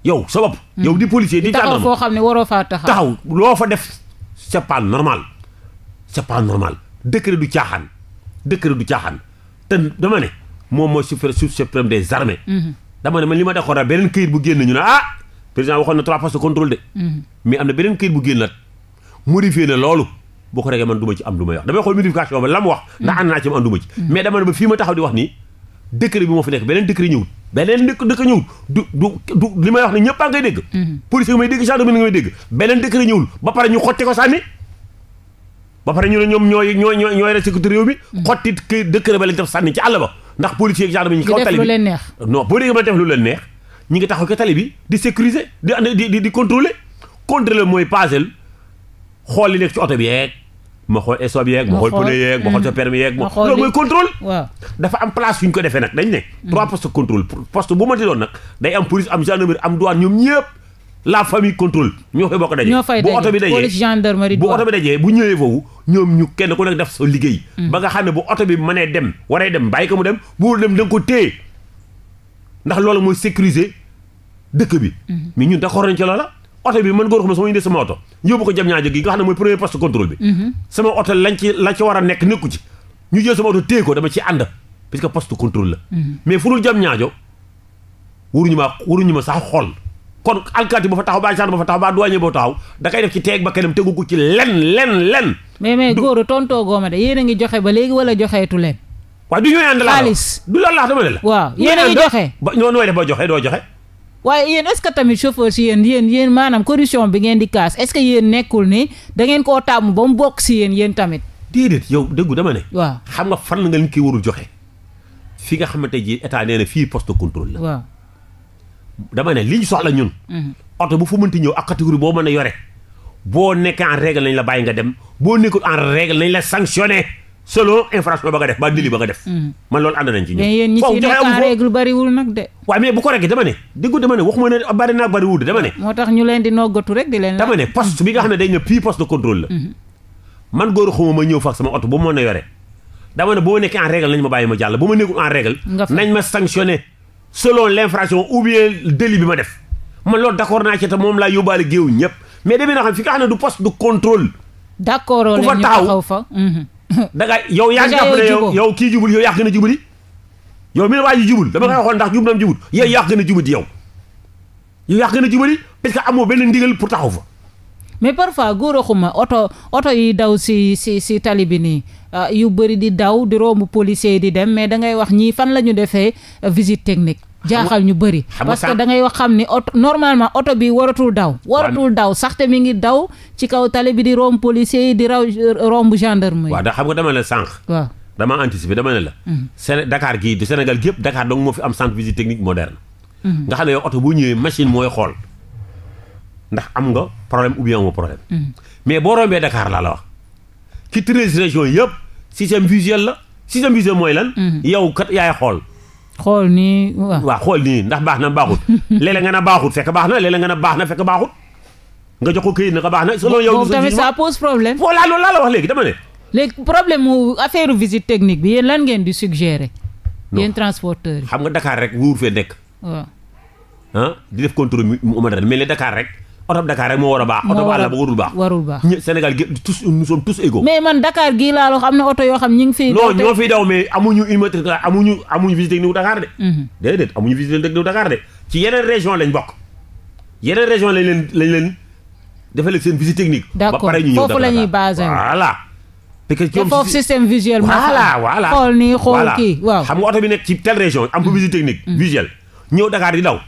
yow sa bopp. Hmm. yow di policier di gendarme taxaw foo xam ne waroo faa taxaw. taxaw loo fa def c'est pas normal c'est pas normal décret du caaxaan décret du caaxaan te dama ne moom mooy chef suprême des armées. Hmm. dama ne man li ma d'accord daal beneen këyit bu génn ñu ne ah président waxoon na trois postes de contrôle de. Hmm. mais am na beneen këyit bu génnaat modifié na loolu. boo ko regee man du ma ci am lu may wax la wax. ndax ànd ma ànduma ci. mais dama ne ba fii ma taxaw di wax nii. décret bi moo fi nekk beneen décret ñëwut beneen dëkk dëkk ñëwul du du du li may wax ne ñëpp a ngay dégg. Mhm. police nga may dégg gendarmerie nga may dégg beneen décret ñëwul ba pare ñu xotti ko sànni ba pare ñu ne ñoom ñooy ñooy ñooy ñooy sécurité réew mi. Mhm. xotti kë décret ba lañ def sànni ci àll ba ndax policier ak gendarmerie ñu kaw tali neex non boo déggee ma def lu leen neex ñi ngi taxaw ko tali bi di sécuriser di di di contrôler contrôler mooy pasel xool li nekk ci oto bi yeeg. ma xool stop yeeg ma xool hmm. pneu yeeg ma xool sa dafa am place fu ñu ko defee nag dañ ne hmm. trois postes contrôle poste bu mënti doon nag day am police am gendarmerie am douane ñoom ñëpp la famille contrôle ñoo fay bokk daje bi dajee bu oto bi dajee bu ñëwee foofu ñoom ñu kenn ku nekk def sa liggéey hmm. ba nga xam ne bu oto bi mënee dem waree dem bàyyi ko mu dem bu dem da ko téye ndax loolu mooy sécuriser dëkk bi mais ñun d'accord nañ ci loola oto bi mën nga xam ne sama indee sama oto yóbbu ko jam ñaa gi nga mooy premier poste contrôle bi mhm. sama oto lañ war a nekk nekku ci ñu jël sama oto téye dama ci ànd que poste contrôle la mhm. mais fu dul jam ñaajo waruñu ma waruñu ma sax xool kon alkaati ba fa taxaw ba gendarme ba fa taxaw ba douanier boo taxaw da kay def ci teeg ba kanam tegu ko ci len len len mais mais góoru tontoo gooma de yéen a ngi joxe ba léegi wala joxeetu leen waaw du ñooy ànd la xaalis du loolu laax dama ne waaw yéen a ngi joxe ba ñoo nooy def ba joxe doo joxe waaye yéen est que tamit chauffeur si yéen yéen yéen maanaam corruption bi ngeen di kaas est-ce que yéen nekkul ni da ngeen koo tàmm ba mu bokk si yéen yéen tamit. déedéet yow déggu dama ne. waaw xam nga fan nga leen kii warul joxe. fi nga xamante ji état nee fii poste de contrôle la. waaw dama ne li ñu soxla ñun. Mhm. oto bu fu mënti ñëw ak catégorie boo mën a yore. boo nekkee en règle nañ la bàyyi nga dem boo nekkul en règle nañ la sanctionné. selon infraction ba nga def ba dili ba nga def. Mm. man loolu ko rek dama ne déggu dama ne waxuma ne bari naa bariwul de dama moo tax ñu leen di noggatu rek di leen. dama ne poste bi nga xam ne day ñëw pii mm-hmm. ma sama oto bu ma mën a yore. dama ne bu ma nekkee en règle nañ ma bàyyi ma jàll bu ma nekkul en règle. nañ ma l' bi ma def. man loolu d' accord naa ci te moom laa yóbbaale géew ñëpp mais demee na xam fi nga xam ne du poste de contrôle. d' accord ku fa da nga yow yaa jàpp ne yow kii jibul yow yaa gën a jubali yow mi ne waa ji jubul dama koy waxoon ndax jub nam jubul yow yaa gën a jubali yow yow yaa gën a jubali parce que amoo benn ndigal pour taxaw fa mais parfois góor xuma oto oto yi daw si si si tali bi nii ah, yu bëri di daw di roomu policier di dem mais da ngay wax ñii fan la ñu defee visite technique jaaxal ñu bëri parce que da ngay wax xam ni oto normalement oto bi waratul daw waratul daw saxte mi ngi daw ci kaw tali bi di romb policier yi di raw euh, romb gendarme yi waaw da xam nga dama la sànq waaw dama anticiper dama ne la mm-hmm. Séné Dakar gii du Sénégal gi yëpp Dakar donc moo fi am centre visite technique moderne mm-hmm. nga xam ne yow oto bu ñëwee machine mooy xool ndax am nga problème ou bien amoo problème mm-hmm. mais boo rombee Dakar laa la wa ci treize régions yëpp système la système mooy lan yow kat yaay xool xool nii waaw. xool nii ndax baax na baaxut léeg-léeg nga na baaxut fekk baax na léeg-léeg nga na baax na fekk baaxut nga jox ko këyit naka baax na. selon yow moom tamit ça pose problème. foo laa loolu laa la wax léegi dama ne. léegi problème mu affaire visite technique bi yéen lan ngeen di suggérer. yéen transporteurs yi. xam nga Dakar rek wuur fee nekk. waaw. ah di def contrôle mu mu mel ne Dakar rek. oto Dakar rek moo war a baax. moo war a warul baax warul baax. ñë Sénégal gi tous nous sommes tous égaux. mais man Dakar gii laa loo xam ne oto yoo xam ñu ngi fiy. non ñoo fiy daw mais amuñu immatriculation amuñu amuñu visite technique Dakar de. Mhm. déedéet amuñu visite technique Dakar de ci yeneen région lañ bokk yeneen région lañ leen lañ leen defal seen visite technique. ba pare ñu ñëw Dakar foofu la ñuy basé voilà. parce que foofu système visuel. voilà voilà xool nii xool kii waaw. xam nga oto bi nekk ci telle région am fa visite technique. Mm. visuel ñëw Dakar di daw.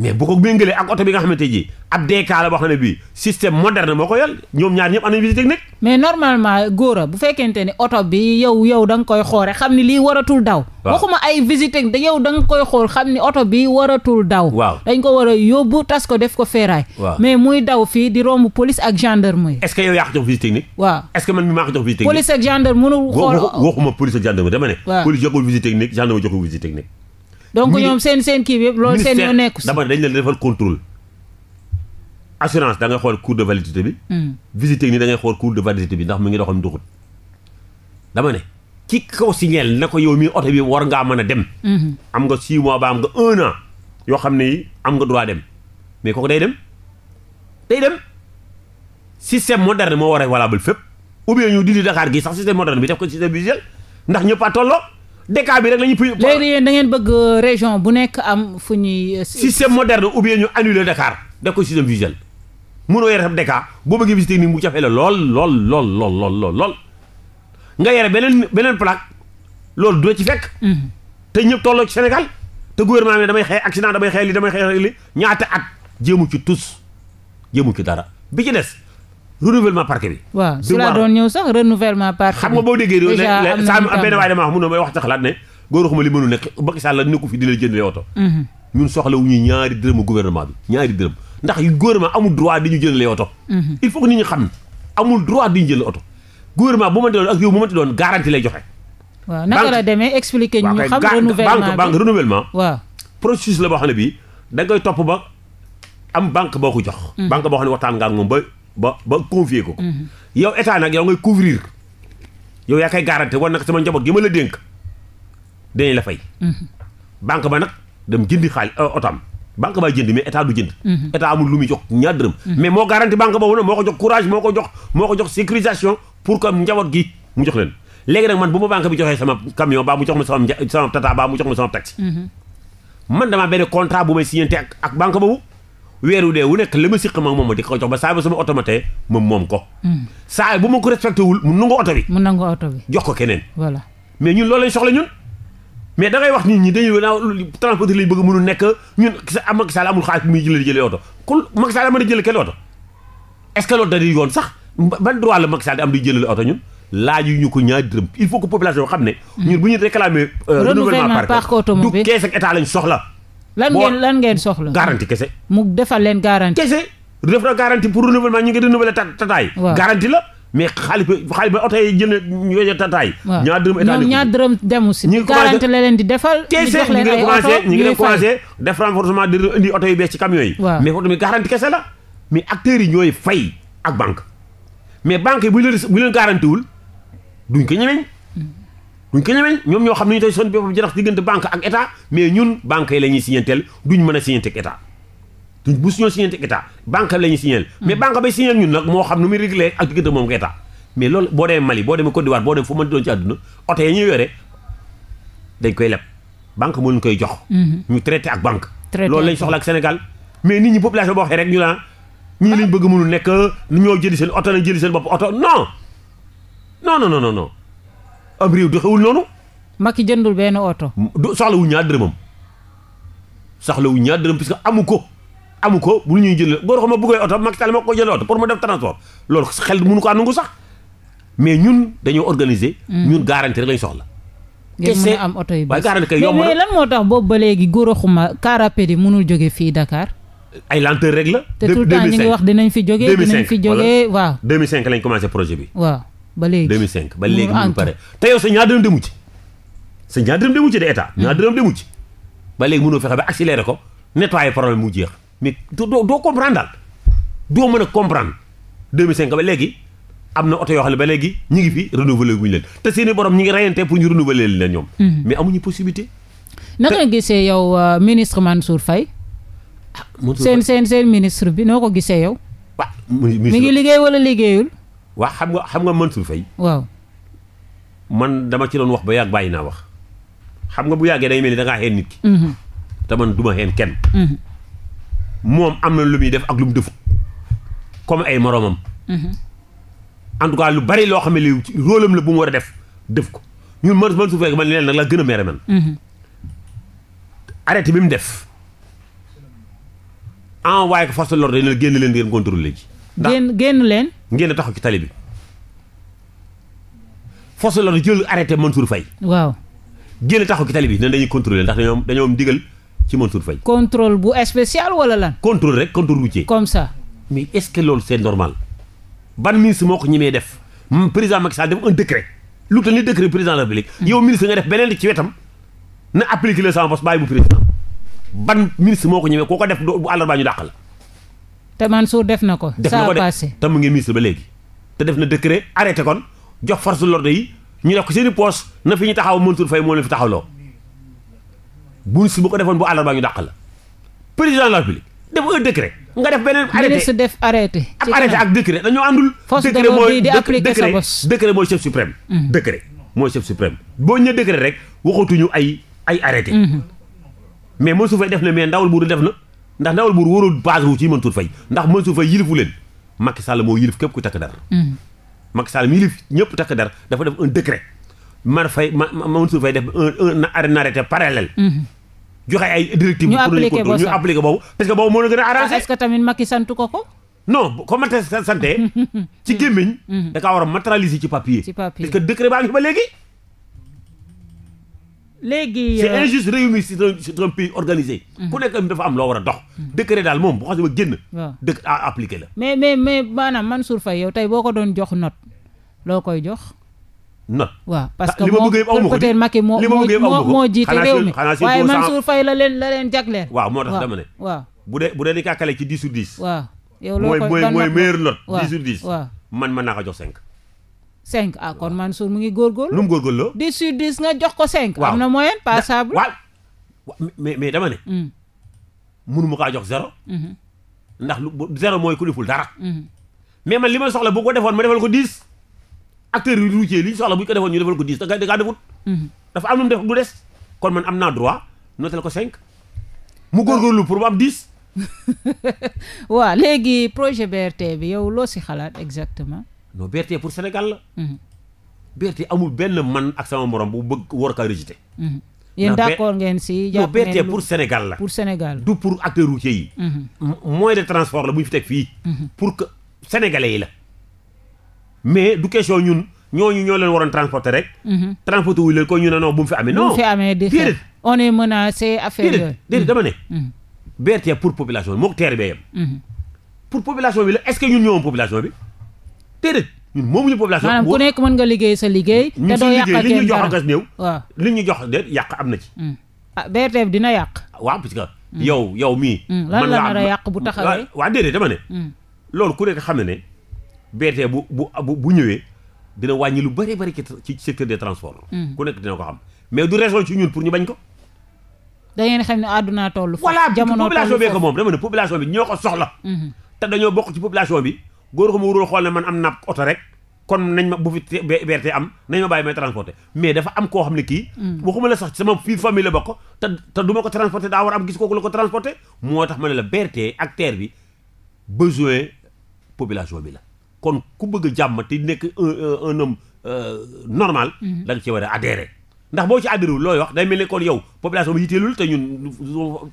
mais bu ko méngalee ak oto bi nga xamante ji ab deekaa la boo xam ne bii système moderne moo ko yal ñoom ñaar ñëpp am nañu visite technique. mais normalement góora bu fekkente ni oto bi yow yow danga nga koy xoore xam ni lii waratul daw. waaw waxuma ay visite technique yow da nga koy xool xam ni oto bi waratul daw. waaw dañ ko war a yóbbu tas ko def ko feeraay. waaw mais muy daw fii di romb police ak gendarmerie. est-ce que yaa ko jox visite technique. waaw est man mi maa ko jox visite technique. donc ñoom seen seen kii bi yëpp loolu seen yoo nekku si dama dañ leen defal contrôle assurance da ngay xool cours de validité bi hmm. visite technique da xool cours de validité bi ndax mu ngi doxam doxut dama ne na ko yow mii oto bi a dem hmm. am nga six mois ba am nga un an xam ne am nga droit dem mais kooku day dem day dem système moderne moo war a valable fépp ou bien ñu dindi Dakar gi sax système moderne bi def ko système visuel ndax ñëpp a tolloo déca bi rek la ñuy. léegi da ngeen bëgg euh, région bu nekk am fu ñuy. Euh, système moderne ou bien ñu annuler Dakar def ko système visuel mënoo yore tam déca boo bëggee visite technique mu jafe la lool lool lool lool lool lool nga yore beneen beneen plaque loolu doo ci fekk. Mhm. te ñëpp tolloo ci Sénégal te gouvernement bi damay xëy accident damay xëy li damay xëy li ñaata at jéemu ci tus jéemu ci dara bi ci des. renouvellement parquet bi. waaw su la doon ñëw sax renouvellement parquet xam nga boo déggee. déjà am na am benn waay dama wax mu la jëndee mhm. bi ñaari dërëm ndax gouvernement amul droit di ñu jëndalee oto. Mhm. il faut que nit ñi xam amul droit di ñu jënd oto gouvernement bu ma doon ak réew bu ma doon garantie lay joxe. waaw naka la demee expliquer ñu xam renouvellement banque banque renouvellement. ne bii da topp ba am banque boo ko jox. Mhm. banque boo xam ne waxtaan nga ak ba ba confier ko ko mhm. yow état nag yow ngay couvrir yow yaa koy garanté war nag sama njaboot gi ma la dénk dañuy la fay mhm. banque ba nag dem jëndi xaalis euh, otam banque bay jënd mais mhm. lu muy jox ñaar dërëm mais moo garanti banque boobu nag moo ko jox courage moo ko jox moo ko jox sécurisation pour que njaboot gi mu jox leen léegi nag man bu ma banque bi ma sama sama tata baa mu jox ma sama damaa benn contrat bu may signé ak ak banque boobu weeru wu dee wu nekk la ma siq ma moom ma di ko jox ba saa ba sama oto ma tee moom moom ko. Hmm. saa bu ma ko respecté wul mu nangu oto bi. mu nangu oto bi jox ko keneen. voilà mais ñun loolu lañ soxla ñun. mais da ngay wax nit ñi dañuy naan transporteur lañ bëgg mënu nekk ñun sa Macky Sall amul xaalis muy jëlee jëlee oto kon Macky Sall mën a jël kenn oto est ce da di yoon sax ban droit la Macky Sall di am di jëlale oto ñun. laaju ñu ko ñaari dërëm il faut que population xam ne. Hmm. ñun ñu réclamer. Euh, renouvellement parc automobile du kees lan ngeen lan ngeen soxla. garantie kese. mu defal leen garantie. kese def na garantie pour renouvellement ñu ngi renouveler tataay. waaw garantie la. mais xaalis bi xaalis ba oto yi jënd ñu koy tataay. waaw ñaar dërëm état ñoom ñaar dërëm demu si. ñu ngi commencé garanti la leen di defal. ñu jox leen ay oto ñu ngi leen commencé def renforcement di indi bees ci camion yi. waaw mais oto mi garantie kese la. mais acteurs yi ñooy fay ak banque mais banque yi bu ñu leen garantiwul duñ ko ñemeñ duñ ko ñemee ñoom ñoo xam ne ñu tey seen bopp jarax diggante banque ak état mais ñun banque yi la ñuy signanteel duñ mën a signanteeg état duñ bu ñoo signanteeg état banque la ñuy signal hmm. mais banque bay signal moo xam nu muy réglé ak diggante moom ak état mais loolu boo demee Mali boo demee Côte d'Ivoire boo demee fu mën doon ci àdduna oto ya ñuy yore dañ koy leb banque moo leen koy jox hmm. ñu traité ak banque loolu lañ soxla ak Sénégal mais nit ñi population boo waxee rek ñu mu ñii lañ bëgg mënul nekk ñoo jëli seen oto lañ jëli seen bopp oto non non non non non am réew doxewul noonu. Macky jëndul benn oto. du soxlawul ñaar dërëmam soxlawul ñaar dërëm parce que amu ko amu ko bu ñuy jël góor xam ma bëggee oto Macky Sall ma ko jël oto ma def transport loolu xel ko nangu sax mais ñun dañoo organiser. Hmm. ñun garanti rek lañ soxla. kese am oto yi ba garanti kay yomb na mais lan moo tax boobu ba léegi góor xuma car rapide yi mënul jóge fii Dakar. ay lenteur rek la. te tout le temps ngi wax dinañ fi jógee dinañ fi jógee waaw. commencé projet bi waaw. ba léegi 2005 ba léegi mu pare te yow sa ñaar dërëm demu ci sa ñaar dërëm demu de état hmm. ñaar dërëm demu ba léegi mënoo fexe ba accéléré ko nettoyer problème mu jeex mais doo doo comprendre daal doo mën a comprendre 2005 ba léegi am na oto yoo xam ne ba léegi ñu ngi fi renouveler bu ñu leen te seeni borom ñi ngi rayante pour ñu renouveler leen ñoom hmm. mais amuñu possibilité naka nga gisee yow euh, ministre Mansour Faye ah, seen seen seen ministre bi noo ko gisee yow. waa mi wax xam nga xam nga Mansour Faye waaw man dama ci doon wax ba yàgg bàyyi naa wax xam nga bu yàggee day mel ni da ngaa nit ki mm-hmm. te man du ma kenn mm-hmm. moom am na lu muy def ak lu mu defut comme ay moroomam mm-hmm. en tout lu bari loo xam ne li rôlam la bu mu war a def def ko ñun man man su fekkee man leen nag la gën a mere man arrêté bi mu def envoyé ko force de l'ordre ne génn leen génn leen ngeen taxaw ci tali bi force la jël arrêté Mansour fay waaw génn taxaw ci talibi bi nan dañuy contrôler ndax dañoo dañoo am ci Mansour Faye. contrôle bu spécial wala lan. contrôle rek contrôle routier. comme ça. mais est-ce que loolu c'est normal ban ministre moo ko ñemee def hmm, président Macky Sall def un décret lu tax ni décret président de la République. Hmm. yow ministre nga def beneen ci wetam na appliquer le sans bosse bàyyi bu président ban ministre moo ko ñemee koo ko def bu àllarba ñu dàq te Mansour def na ko. def na ko te mu ngi ministre ba léegi. te def na décret arrêté kon jox force de yi ñu def ko seen i poos na fi ñu taxaw Mansour Faye moo leen fi taxawloo buñ si bu ko defoon bu àllarba ñu dàq la président de la République def un décret. nga def beneen arrêté ministre def arrêté. ak arrêté ak décret dañoo àndul. décret mooy décret décret mooy chef suprême. Mm-hmm. décret mooy chef suprême boo ñëwee décret rek waxatuñu ay ay arrêté. Mm-hmm. mais Mansour Faye def na mais ndawal buur def na. ndax ndawal buur warul base wu ci Mansour Faye ndax Mansour Faye yilifu leen Macky Sall moo yilif képp ku takk der mm. Macky Sall mi yilif ñëpp takk der dafa def un décret man fay ma Mansour Faye def un un arrêté mm. joxe ay directive ko ñu appliqué boobu parce boobu moo na a arrangé est ko ko non ko mate santé ci gémmiñ mm. da kaa war a ci papier parce que décret baa ngi ba léegi léegi c'est euh, injuste mi c'est un pays mhm. nekk dafa am loo war a dox. Mhm. décret daal moom bu xasee ba génn. waaw dëkk à mais mais maanaam Mansour Faye yow tey boo ko doon jox note loo koy jox. note waaw ah, parce que moom peut-être Macky moo la leen la leen jagleel. waaw moo tax dama ne. waaw bu dee bu dee ni ci 10 sur 10. waaw yow loo koy ban mooy mooy meilleure note. 10 sur 10. waaw man mën naa ko jox cinq cinq ah kon Mansour mu ngi góorgóorlu. lu mu góorgóorlu la. dix sur nga jox ko cinq. waaw am na moyenne passable. waaw mais mais dama ne. Hmm. mënu mu kaa jox zéro. Hmm. ndax lu zéro mooy ku deful dara. Hmm. mais man li ma la bu ko defoon ma defal ko dix. acteurs yi routier li ñu soxla bu ko defoon ñu defal ko dix da kaa defut. dafa am lu mu def du kon man am naa droit noter ko cinq. mu ah. góorgóorlu pour mu am dix. waaw léegi projet BRT bi yow loo si xalaat exactement. non BRT pour Sénégal la. Mhm. BRT amul benn man ak sama morom bu bëgg war kaa rejeté. Mhm. yéen d'accord ngeen si. jàpp ngeen BRT pour Sénégal la. du pour acteurs routiers yi. Mhm. moyen de transport la bu ñu fi teg fii. pour que sénégalais yi la. mais du question ñun ñooñu ñoo leen waroon transporter rek. transporter wu leen ko ñu ne non bu mu fi amee. non bu mu fi dama ne. BRT pour population bi moog TER bee yem. pour population bi la est ñun ñoo am bi. déedéet ñun moomuñu population. maanaam nekk mën nga liggéey sa liggéey. te li ñu jox am na ci. Mm. ah BRT dina yàq. Ah, waaw parce que. Mm. yow yow mii. Mm, lan la a yàq bu taxawee waaw déedéet dama ne. loolu ku nekk xam ne BRT bu bu bu ñëwee dina wàññi lu bari bari ci secteur des transports. ku nekk dina ko xam mais du raison ci ñun pour ñu bañ ko. da ngeen xam ne àdduna tollu. jamono tollu voilà population bee moom dama ne population bi ñoo ko soxla. Mm-hmm. te dañoo bokk ci population bi góor xam warul xool ne man am naa oto rek kon nañ ma bu fi BRT am nañ ma bàyyi may transporté mais dafa am koo xam ne kii mm. waxuma la sax sama fii famille la bokk te te du ma ko transporté daa war am gis kooku la ko transporté moo tax ma ne la BRT ak TER bi besoin population bi la kon ku bëgg jàmm te nekk un euh, un homme euh, normal mm-hmm. da nga a adhéré ndax boo ci adhéré looy wax day mel ne kon yow population bi yiteelul te ñun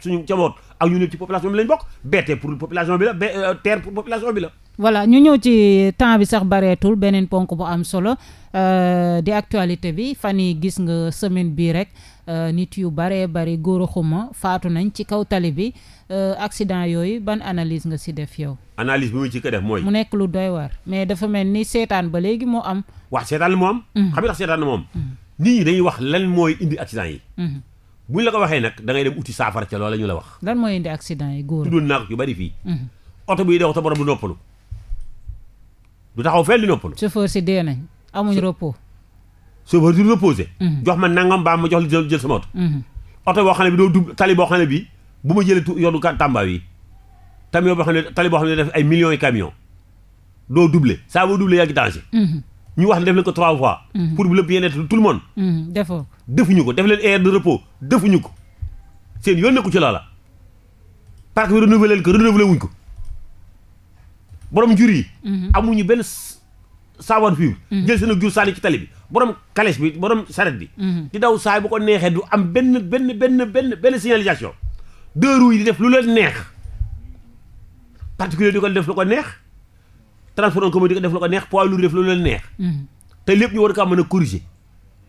suñu jamoot ak ñun ñëpp ci population bi lañ bokk BRT pour population bi la euh, TER pour population bi la voilà ñu ñëw ci temps bi sax bareetul beneen ponk bu am solo euh, di actualité bi fan yi gis nga semaine bii rek euh, nit yu baree bari góor xuma faatu nañ ci kaw tali bi euh, accident yooyu ban analyse nga si def yow. analyse bi mu ci ko def mooy. mu nekk lu doy waar mais dafa mel ni seetaan ba léegi moo am. wax seetaan moo am. Mm. xam nga seetaan moom am. Mm. nit ñi dañuy wax lan mooy indi accident yi. Mm-hmm. buñ la ko waxee nag da ngay dem uti saafara ca loola ñu la wax. lan mooy indi accident yi góor. tuddoon naa ko ci bari fii. Mm-hmm. oto biy dox te borom du du taxaw fenn di noppalu. chauffeur si dee nañ mhm. jox ma nangam baa ma jox li jël sama oto. Mhm. oto boo bi doo dugg tali boo xam ne bi bu ma jëlee yoonu Tamba yi tamit boo xam ne tali boo xam ne ay millions yi camions doo doublé le boo doublé yaa ngi danger. Mhm. ñu wax ne def leen ko trois fois. pour le bien-être de tout le monde. defoo ko def leen aire de repos defuñu ko seen yoon nekku ci loola. parc bi renouvelé ko renouvelé wuñ ko. borom jur yi. Mhm. amuñu benn savoir vivre. Mhm. jël seen jur sànni ci tali bi borom calèche bi borom charrette bi. Mhm. di daw saay bu ko neexee du am benn benn benn benn benn signalisation. deux roues yi di def lu leen neex particulier di ko def lu ko neex transport en commun ko def lu ko neex poids lourd def lu leen neex. te lépp ñu war kaa mën a corriger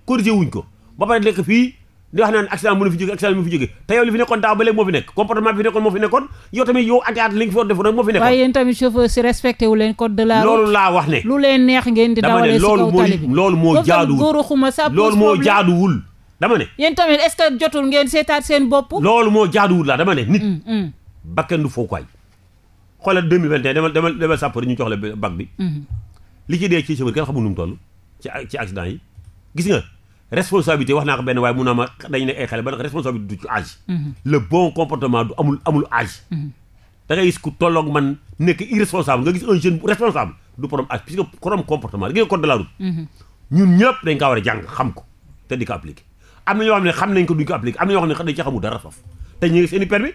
corriger wuñ ko ba pare nekk fii. di wax naan accident mënu fi jóge accident mënu fi jóge te yow li fi nekkoon daaw moo fi nekk comportement bi fi nekkoon moo fi nekkoon loolu laa wax ne lu leen neex ngeen di dawalee si kaw tali dama ne yéen tamit jotul ngeen seetaat seen bopp loolu moo jaaduwul laa dama ne nit mm, mm. bakkan du fookaay xoolal 2021 demal demal demal sàppar ñu jox la bag bi mm-hmm. li ci dee ci chauffeur kenn xamul nu mu toll ci ci accident yi gis nga responsabilité wax naa ko benn waaye mun naa ma dañu ne ay xale ba nag responsabilité du ci âge. Mhm. le bon comportement du amul amul âge. Mhm. da gis ku tolloog man nekk irresponsable nga gis un jeune responsable du borom mhm. war a xam ko te di ko appliqué. am ne xam nañ ko duñ ko appliqué am na ñoo xam ne ci xamul dara faf ñu seen i permis.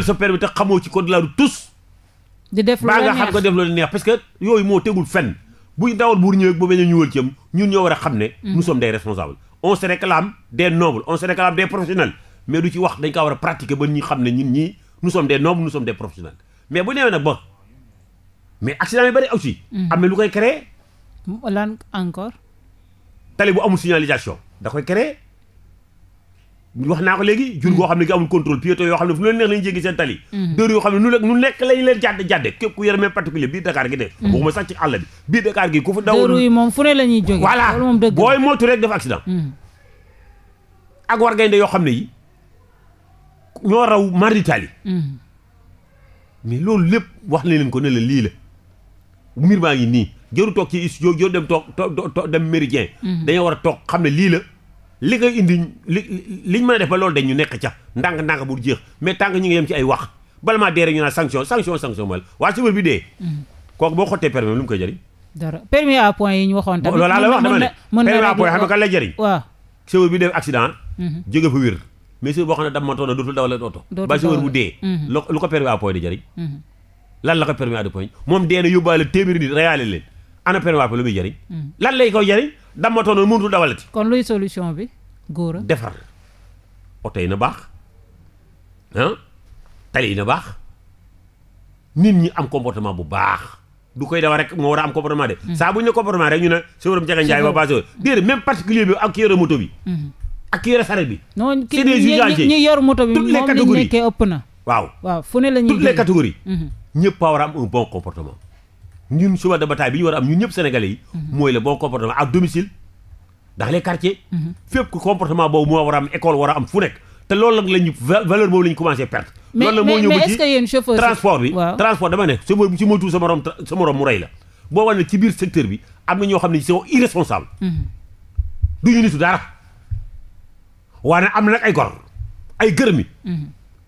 sa permis te xamoo ci code de la route tous. nga xam ko def lu la neex parce que yooyu moo tegul fenn. buy dawal buur ñëwee ba bañ a ñëwal cëm ñun ñoo war a xam ne mm-hmm. nous sommes des responsables on se réclame des nobles on se réclame des professionnels mais du ci wax dañ kaa war a pratiquer ba ñi xam ne ñun ñii nous sommes des nobles nous sommes des professionnels mais bu neewee nag ba mais accident yi bari aussi mm-hmm. am na lu koy créer tali bu amul signalisation da koy créer wax naa ko léegi jur goo xam ne gi amul contrôle piéton yoo xam ne fu leen neex lañu jéggi seen tali mm. dër yoo xam ne nu nekk nu nekk lañ leen jàdde képp ku yore mais particulier bii gi de mm. waxuma yi moom fu ne la ñuy jóge voilà booy moytu rek def accident mm. ak war gaynde yoo xam ne yi ñoo raw maritali mais loolu lépp wax na leen ko ne la lii la mbir maa ngi nii jëru toog ci studio jëru dem toog dem méridien dañoo war a toog xam ne lii la li koy indi li liñ mën a def ba loolu dañ ñu nekk ca ndànk-ndànk bu jeex mais tànk ñu ngi yem ci ay wax bala maa deere ñu naan sanction sanction sanction mooy waa chauffeur bi dee kooku boo xottee permis lu mu koy jëriñ dara permis à point yi ñu waxoon tamit loolu la wax dama ne permis mhm. mhm. ko permis à point mhm. la ko moom dee na yóbbaale téeméeri nit reyaale leen ana permis à point lu muy jëriñ lan lay ko jëriñ dammatoo noonu mënutul dawalati. kon luy solution bi góor a. defar oto yi na baax ah tali yi na baax nit ñi am comportement bu baax. du koy dawal rek moo war a am comportement de. Hmm. saa bu ñu ne comportement rek ñu ne. sóoram jaga njaay ba passé woon. déedéet même particulier bi ak yore moto bi. Hmm. ak yore saret bi. c'est des usagers ñi moto bi moom li ñu ëpp na. waaw fu ne la ñuy toutes les catégories. Hmm. ñëpp a war a am un bon comportement. ñun cheval de bataille bi ñu war am ñun ñëpp sénégalais yi. Mhm. mooy la bon comportement à domicile dans les quartiers. Mhm. fépp ko comportement boobu moo war a am école war a am fu nekk. te loolu nag la ñu valeur boobu la ñu commencé perte. loolu la moo ñëw ba ci transport bi transport dama ne su ma su tuut sa morom mu rey la. boo wane ci biir secteur bi am na ñoo xam ne c'est irresponsable. Mhm. du ñu nitu dara. waaye nag am na nag ay gor ay gërëmi.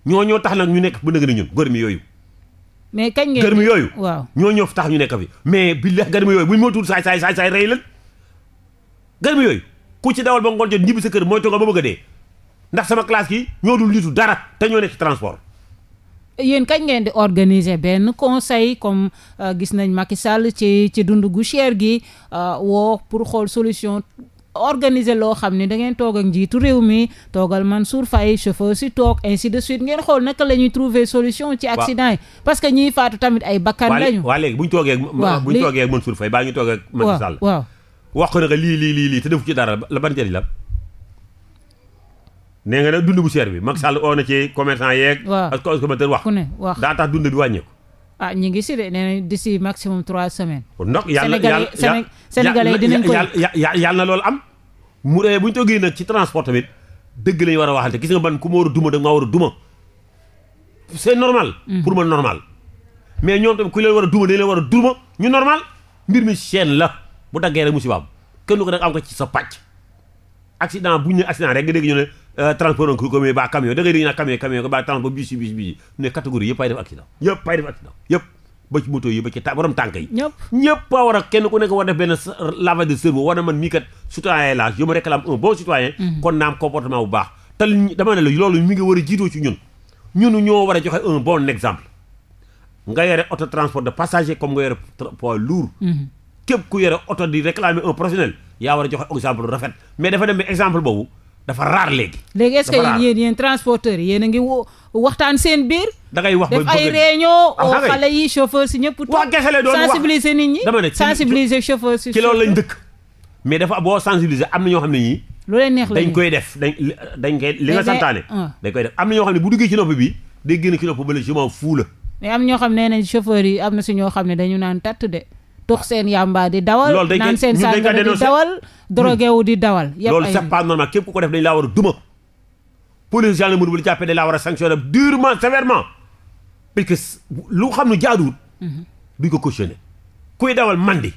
ñoo ñoo tax nag ñu nekk ba nëgën a ñun gërëmi yooyu. mais kañ ngeen garmi yooyu. waaw ñoo ñëw tax ñu nekk fi mais billahi garmi yooyu buñ moytuwul saay saay saay saay rey lan garmi yooyu ku ci dawal ba ngoon jot ñibbi sa kër mooy toogal ba bëgg a dee ndax sama classe gi ñoo dul nitu dara te ñoo nekk transport. yéen kañ ngeen di organiser benn conseil comme euh, gis nañ Macky Sall ci ci dund gu cher gi euh, woo pour xool solution organiser loo xam ni da ngeen toog ak njiitu réew mi toogal man Mansour Faye chauffeur si toog ainsi de suite ngeen xool naka la ñuy trouver solution. ci accident yi parce que ñiy faatu tamit ay bakkan lañu. waaw léegi bu ñu toogee ak. bu ñu toogee ak Mansour baa ñu toogee ak. Macky Sall waaw wax ko ne lii lii lii lii te defu ci dara la ban njëriñ la. nee nga ne dund bu seer bi mag Sall oo na ci commerçant yeeg. waaw ak consommateur wax ku ne wax daa tax dund bi wàññeeku. ah ñu ngi si de nee nañ d'ici maximum trois semaines. ndox yàlla yàlla sénégalais yi dinañ ko yàlla na loolu am. mu bu ñu toogee nag ci transport tamit dëgg lañu war a waxante gis nga man ku ma war a duma da nga war a duma. c'est normal. Mm. pour man normal. mais ñoom tamit ku leen war a duma dañ leen war a duma ñu normal mbir mi chaîne la bu daggee rek musibaam kenn du ko nag am ko ci sa pàcc. accident bu ñu ne accident rek nga dégg ñu ne. Euh, transport en commun ba camion da ngay dégg naa camion yëpp ay def accident yëpp ay def yëpp ba ci moto yi ñëpp a kenn ku nekk war def benn de cerveau war na man mii kat citoyen la je me bon citoyen mm-hmm. kon naam comportement bu baax te dama ne la loolu mi ngi war a jiitoo ci ñun ñun ñoo war a joxe un bon exemple nga yore auto transport de passager comme nga yore poids lourd mm-hmm. képp ku yore auto di réclamer un professionnel yaa war a joxe mais dafa dem exemple boobu dafa raar léegi. léegi est-ce que yéen yéen transporteurs yi yéen a ngi waxtaan seen biir. da ngay wax ba def ay réunion oo ah, xale yi chauffeur si ñëpp. waa gese la doon wax sensibiliser nit ñi. dama ne sensibiliser chauffeur si. ci loolu lañ dëkk. mais dafa boo sensibiliser am na ñoo xam ne ñii. lu leen neex la dañ koy def am na ñoo xam ne bu duggee ci nopp bi day génn ci nopp ba la je m'en fous la. am ñoo xam ne nee nañ chauffeur yi am na si ñoo xam ne dañu naan tatt de tux seen yàmbaa di dawal naan seen sàngara di dawal drogué wu di dawal yëpp loolu c'est pas normal képp ko def dañ laa war a duma police gendarme bu la jàppee dañ laa war a sanctionné durement sévèrement parce que lu xam ne jaaduwul mhm. duñ ko cautionné kuy dawal mandi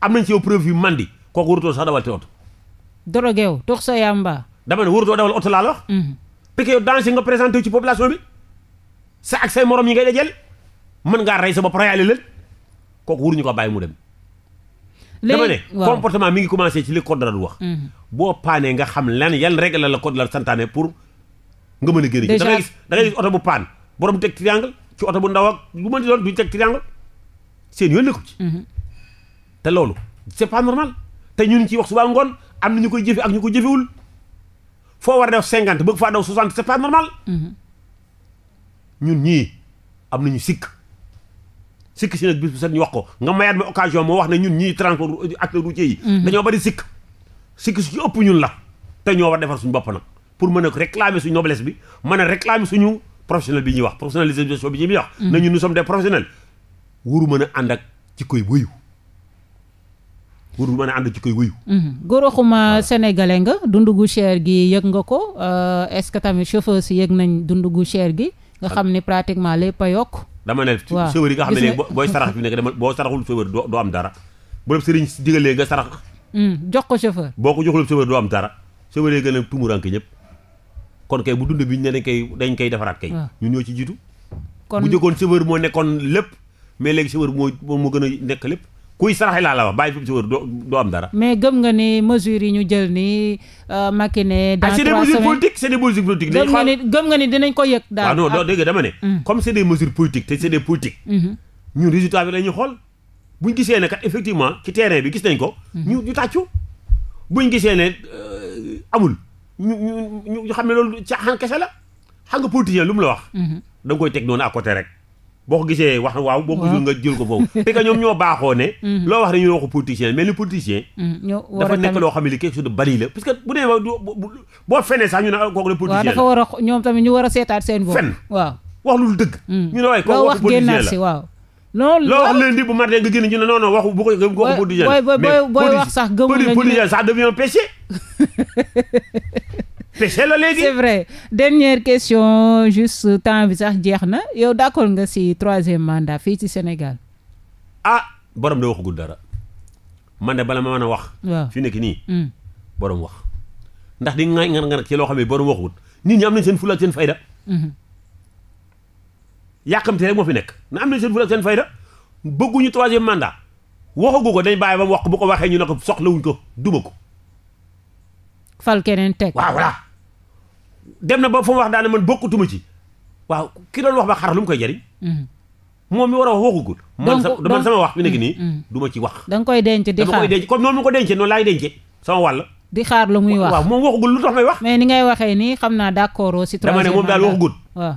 am nañ ci yow preuve yu ko kooku warutoo sax dawal te oto drogué wu tux sa yàmbaa dama ne warutoo dawal oto laa la wax mhm. parce que yow danger nga présenté ci population bi sa ak say morom yi ngay dajel mën ngaa sa bopp reyaale kooku ñu ko bàyyi mu dem. dama ne comportement mi ngi commencé ci li code la wax. Mhm. boo paanee nga xam lan yan règle la la code la santaane pour nga mën a génn. da ngay gis oto bu paan borom teg triangle ci oto bu ndaw ak lu mën di doon duñ teg triangle seen yoon nekku ci. Mhm. te loolu c'est pas normal te ñun ci wax suba ngoon am na ñu koy jëfe ak ñu ko jëfewul foo war a def cinquante bëgg faa daw soixante mhm. ñun ñii am nañu sikk. sikk si nag bis bu set ñu wax ko nga mayaat ma occasion moo wax ne ñun ñii transport euh, acteur routier yi mhm. dañoo bari sikk sikk su ci ëpp ñun la te ñoo war defar suñu bopp nag pour mën a réclamer suñu noblesse bi mën a réclamer suñu professionnel bi ñuy wax professionnalisation bi ñuy wax mhm. na ñun nous sommes des professionnels wuru mën a ànd ak ci koy wëyu wuru mën a mhm. nga dund gu cher gi yëg nga ko euh, est-ce que tamit chauffeur si yëg nañ dund gu cher gi nga xam ne pratiquement lépp a yokk dama ne chauffeur yi nga xam ne léegi booy sarax fi nekk dama boo saraxul chauffeur doo am dara boo la sëriñ digalee nga sarax hmm, jox ko chauffeur boo ko joxul chauffeur doo am dara chauffeur yi gën a tumuranke ñëpp kon kay bu dund bi ñu ne dañ koy dañ koy defaraat kay ñu ñoo ci jiitu bu jëkkoon chauffeur moo nekkoon lépp mais léegi chauffeur moo moo gën a nekk lépp kuy saraxe laa la wax bàyyi fi mu si wër doo am dara. mais gëm nga ni mesures yi ñu jël ni euh, Macky ne. dans trois semaines ah c'est des mesures xool gëm nga ah, hmm. hmm. gisee ne kat effectivement ci terrain bi gis nañ ko. Hmm. ñu ñu tàccu buñ gisee ne euh, amul ñu xam ne loolu caaxaan kese la xam nga politicien lu mu la wax. da koy teg noonu à rek. boo ko gisee wax waaw boo ko gisul nga jël ko foofu c'est que ñoom ñoo baaxoo ne mm. loo wax dañuy waxu politicien mais li politicien mm, dafa nekk loo xam ne li quelque chose de bari la parce que bu dee boo fenee sax ñu ne kooku de politicien la dafa war a ñoom tamit ñu war a seetaat seen bopp fen waaw wax lu dëgg mm. ñu ne waaye kooku waxu politicien la waaw loolu loo wax lundi bu mardi nga génn ñu ne non non waxu bu ko gëm waxu politicien la booy wax sax gëmul nañu politicien ça devient péché péché la léegi. vrai dernière question juste temps bi sax jeex na yow d'accord nga si troisième mandat fii ci Sénégal. a ah, borom de waxagul dara man de bala ma man a wax. waaw nekk nii. Hmm. borom wax ndax di nga nga nga ci loo xam ne borom waxagul nii ñi am nañ seen fulla ak seen fayda. Hmm. yàqamte rek moo fi nekk na am nañ seen fulla ak seen fayda bëgguñu troisième mandat waxagu ko dañ bàyyi ba mu wax bu ko waxee ñu ne ko soxlawuñ ko duma ko. fal keneen teg dem na ba fu mu wax daane man bokkutuma ci waaw ki doon wax ba xar lu mu koy jariñ mm-hmm. moom mi war a wax waxugul man sama wax bi nekk nii mm-hmm. du ma ci wax danga koy denc di xaar koy denc comme noonu mu ko dencee noonu laay dencee sama wàll di xaar lu muy wax waaw moom waxugul lu tax may wax mais ni ngay waxee nii xam naa d'accord si dama ne moom daal waxugul waaw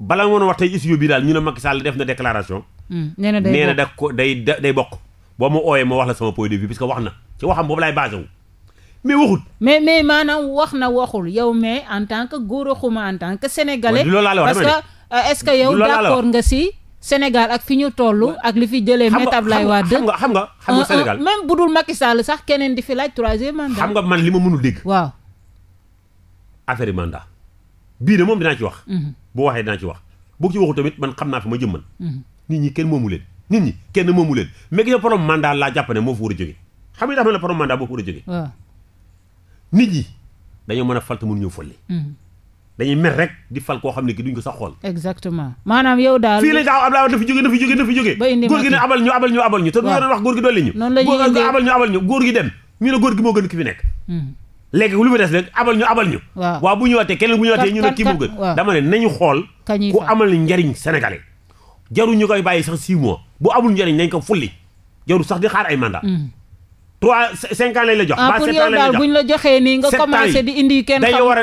bala moon a wax tey issue bi daal ñu ne Macky Sall def na déclaration mm. nee na day na da ko day bokk boo ma ooyee ma wax la sama point de vue parce que wax na ci waxam boobu laay basé wu mais waxut. mais mais maanaam wax na waxul yow mais en tant que Gora Khouma en tant que sénégalais. parce que euh, est-ce que yow d'accord nga si. Sénégal ak fi ñu toll. ak li fi jëlee maître Abdoulaye Wade xam nga xam nga xam nga senegal même bu dul Macky Sall sax keneen di fi laaj troisième mandat. xam man li ma mënul dégg. waaw. affaire yi mandat de moom dinaa ci wax. Mhm. boo waxee dinaa ci wax boo tamit man xam naa fi ma jëm man. Mhm. nit ñi kenn moomu leen. nit ñi kenn moomu leen mais gis nga problème laa jàpp moo fa war a jógee xam nga dafa ne problème mandat moo fa war a jógee. nit ñi dañoo mën a fal te mënuñoo fële. Hmm. dañuy mer rek di fal koo xam ne ki duñ ko sax xool. exactement maanaam yow daal. fii la taxaw Abdoulaye Wade na fi jóge na fi jóge na fi jóge. ba indi góor gi ne abal ñu abal ñu abal ñu. góor gi dolli ñu. ñu dem ñu ne góor gi moo gën ki fi nekk. Hmm. léegi lu fi des rek abal ñu abal ñu. waaw waaw bu ñu ñëwaatee keneen bu ñu ñëwaatee ñu ne kii moo gën. dama ne nañu xool. kañuy ku amal njariñ sénégalais. jaru ñu koy bàyyi sax six boo bu amul njariñ nañ ko fulli jaru sax di xaar ay mandat hmm. trois cinq ans la jox. Ah, ba sept ans la joxee nii nga commencé di indi kenn xam war a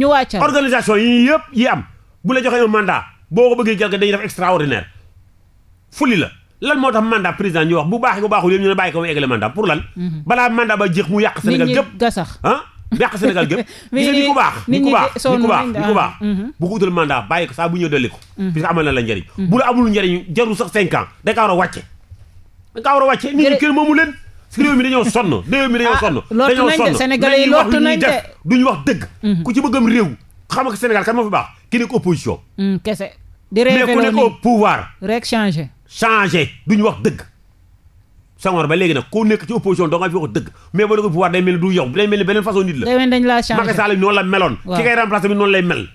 ñu organisation yi yëpp yi am bu la joxee un mandat boo ko bëggee jalgati dañuy def extraordinaire fuli la lan moo tax mandat président ñu wax bu baax bu baaxul yëpp ñu ne bàyyi ko mu eggale mandat lan. Mhm. balaa mandat ba jeex mu yàq Sénégal gépp gasax ah yàq Sénégal gépp gis nga ni baax ni ku baax ni ku baax mhm. bu ko utal mandat bàyyi ko saa bu ñëw dolli ko mhm. parce que amal na la njariñ bu amul njëriñ jarul sax cinq ans da nga war a wàcce da nga kenn moomu leen si réew mi dañoo sonn dañoo ah, sonn dañoo yi lottu nañ de duñu wax dëgg mm-hmm. ku ci bëggam réew xam nga Sénégal kan moo fi baax ki nekk opposition mm, kese di mais ku nekk wax dëgg Senghor ba léegi nag nekk ci opposition doo nga fi wax dëgg mais boo nekk au day mel ni du yow day mel ni beneen façon nit la dañ laa changé Macky la meloon ki kay remplacé bi noonu lay mel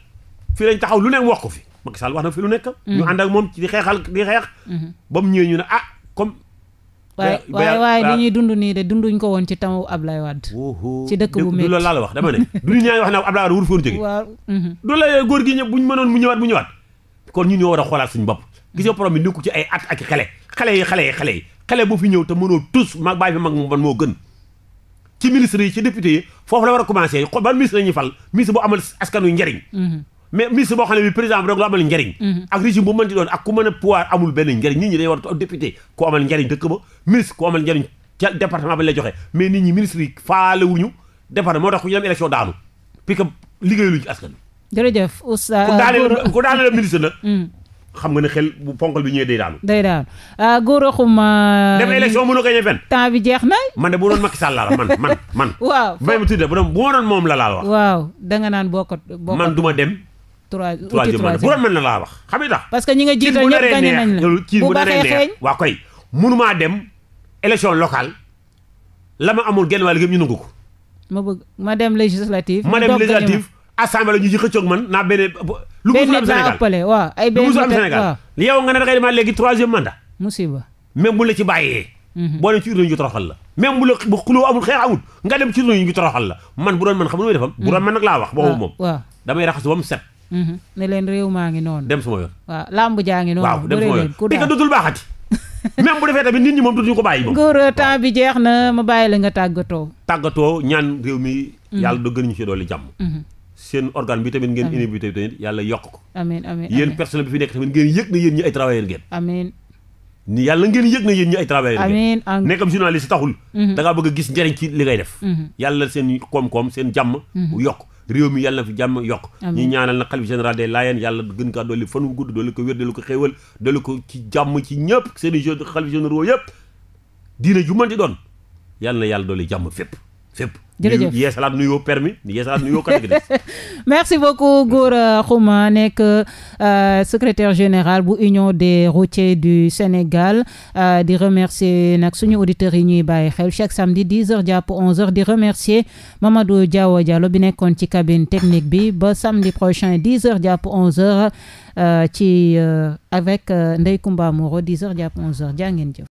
fii lañ taxaw lu nekk wax ko fi Macky Sall wax na fi lu nekk mm-hmm. ñu ànd moom ci di xeexal di xeex mm-hmm. ba mu ñëwee ñu ne ah waaye waaye waaye li ñuy dund nii de dunduñ ko woon ci tamu Ablaye Wade ci dëkk bu métti loolu laa la wax dama ne duñu ñaa wax ne Ablaye Wade wuru foon jóge waaw mhm. du la góor gi ñëpp bu ñu mënoon mu ñëwaat mu ñëwaat kon ñu ñoo war a xoolaat suñu bopp gis nga problème bi nekkul ci ay at ak xale xale yi xale yi xale yi xale bu fi ñëw te mënoo tous mag bàyyi fi mag man moo gën ci ministre yi ci député foofu la war a commencé ban ministre la ñuy fal ministre bu amal askanu njariñ mhm. mais ministre boo xam ne bi président bi rek lu amal njariñ mhm. ak régime bu mën di doon ak ku mën a pouvoir amul benn njariñ nit ñi day war a député amal njariñ dëkk ba ministre ku amal njariñ ca département ba joxe mais nit ñi ministre yi faalewuñu département moo tax ku ñu dem élection daanu parce que liggéeyluñu ci askan ministre nag mm. xam nga ne xel bu ponkal bi ñëwee day daanu day daanu ah, a Khouma dem élection mënoo gañe fenn temps bi jeex na man de bu doon Macky Sall laa la man man man waaw may moom la la wax waaw danga naan bokkot man duma dem trois troisième mandat bu doon mën na laa wax xam nga tax parce que ñi nga jiital ñëpp gañe nañ la bu baxee xeeñ waa koy mënumaa dem élection locale la ma amul genn wàll yëpp ñu nangu ko ma bëgg ma dem législative ma dem législative assemblée ñu ci xëccoog man naa benn lu musul am Sénégal ëppale waaw ay benn lu musul am Sénégal yow nga ne da ngay léegi troisième mandat musiba même bu la ci bàyyee mhm. boo dem ci urne ñu toroxal la même bu la bu xuloo amul xeex amul nga dem ci urne ñu toroxal la man bu doon man xam nu defam bu doon man nag laa wax boobu moom damay raxasu ba mu set Mm-hmm. ne leen réew maa ngi noonu. dem suma yoon waaw làmb jaa ngi noonu. waaw dem suma yoon ku daan dutul baaxati. même bu defee tamit nit ñi moom dutuñu ko bàyyi. moom Ngor temps bi jeex na ma bàyyi la nga tàggatoo. tàggatoo ñaan réew mi. Mm-hmm. yàlla do gën ñu ci dolli mm-hmm. ngeen inhibi bi tamit yàlla yokk ko. amiin amiin yéen personnel bi fi nekk tamit ngeen yëg na yéen ñi ay travailleurs ngeen. amiin. ni yàlla ngeen yëg na yéen taxul da bëgg a gis njëriñ ci li ngay def yàlla seen koom-koom seen jàmm yokk réew mi yàlla fi jàmm yokk ñi ñaanal na xalif général des Layènes yàlla gën kaa li fan wu gudd dolli ko wér dolli ko xéewal dolli ko ci jàmm ci ñëpp seen i xalif généraux yëpp diine ju mën di doon yàlla na yàlla dolli jàmm fépp fépp jërëjëf ñu yeesalaat nuyoo permis ñu yeesalaat nuyoo catégorie merci beaucoup Gora Khouma nekk euh, secretaire général bu union des routiers du Sénégal euh, di remercier nag suñu auditeurs yi ñuy bàyyi xel chaque samedi 10 heures jàpp 11 heures di remercier Mamadou Diawo Diallo bi nekkoon ci cabine technique bi ba samedi prochain 10 heures jàpp 11 heures euh, ci avec Ndeye Comba Moreau 10 heures jàpp 11 heures jaa ngeen jëf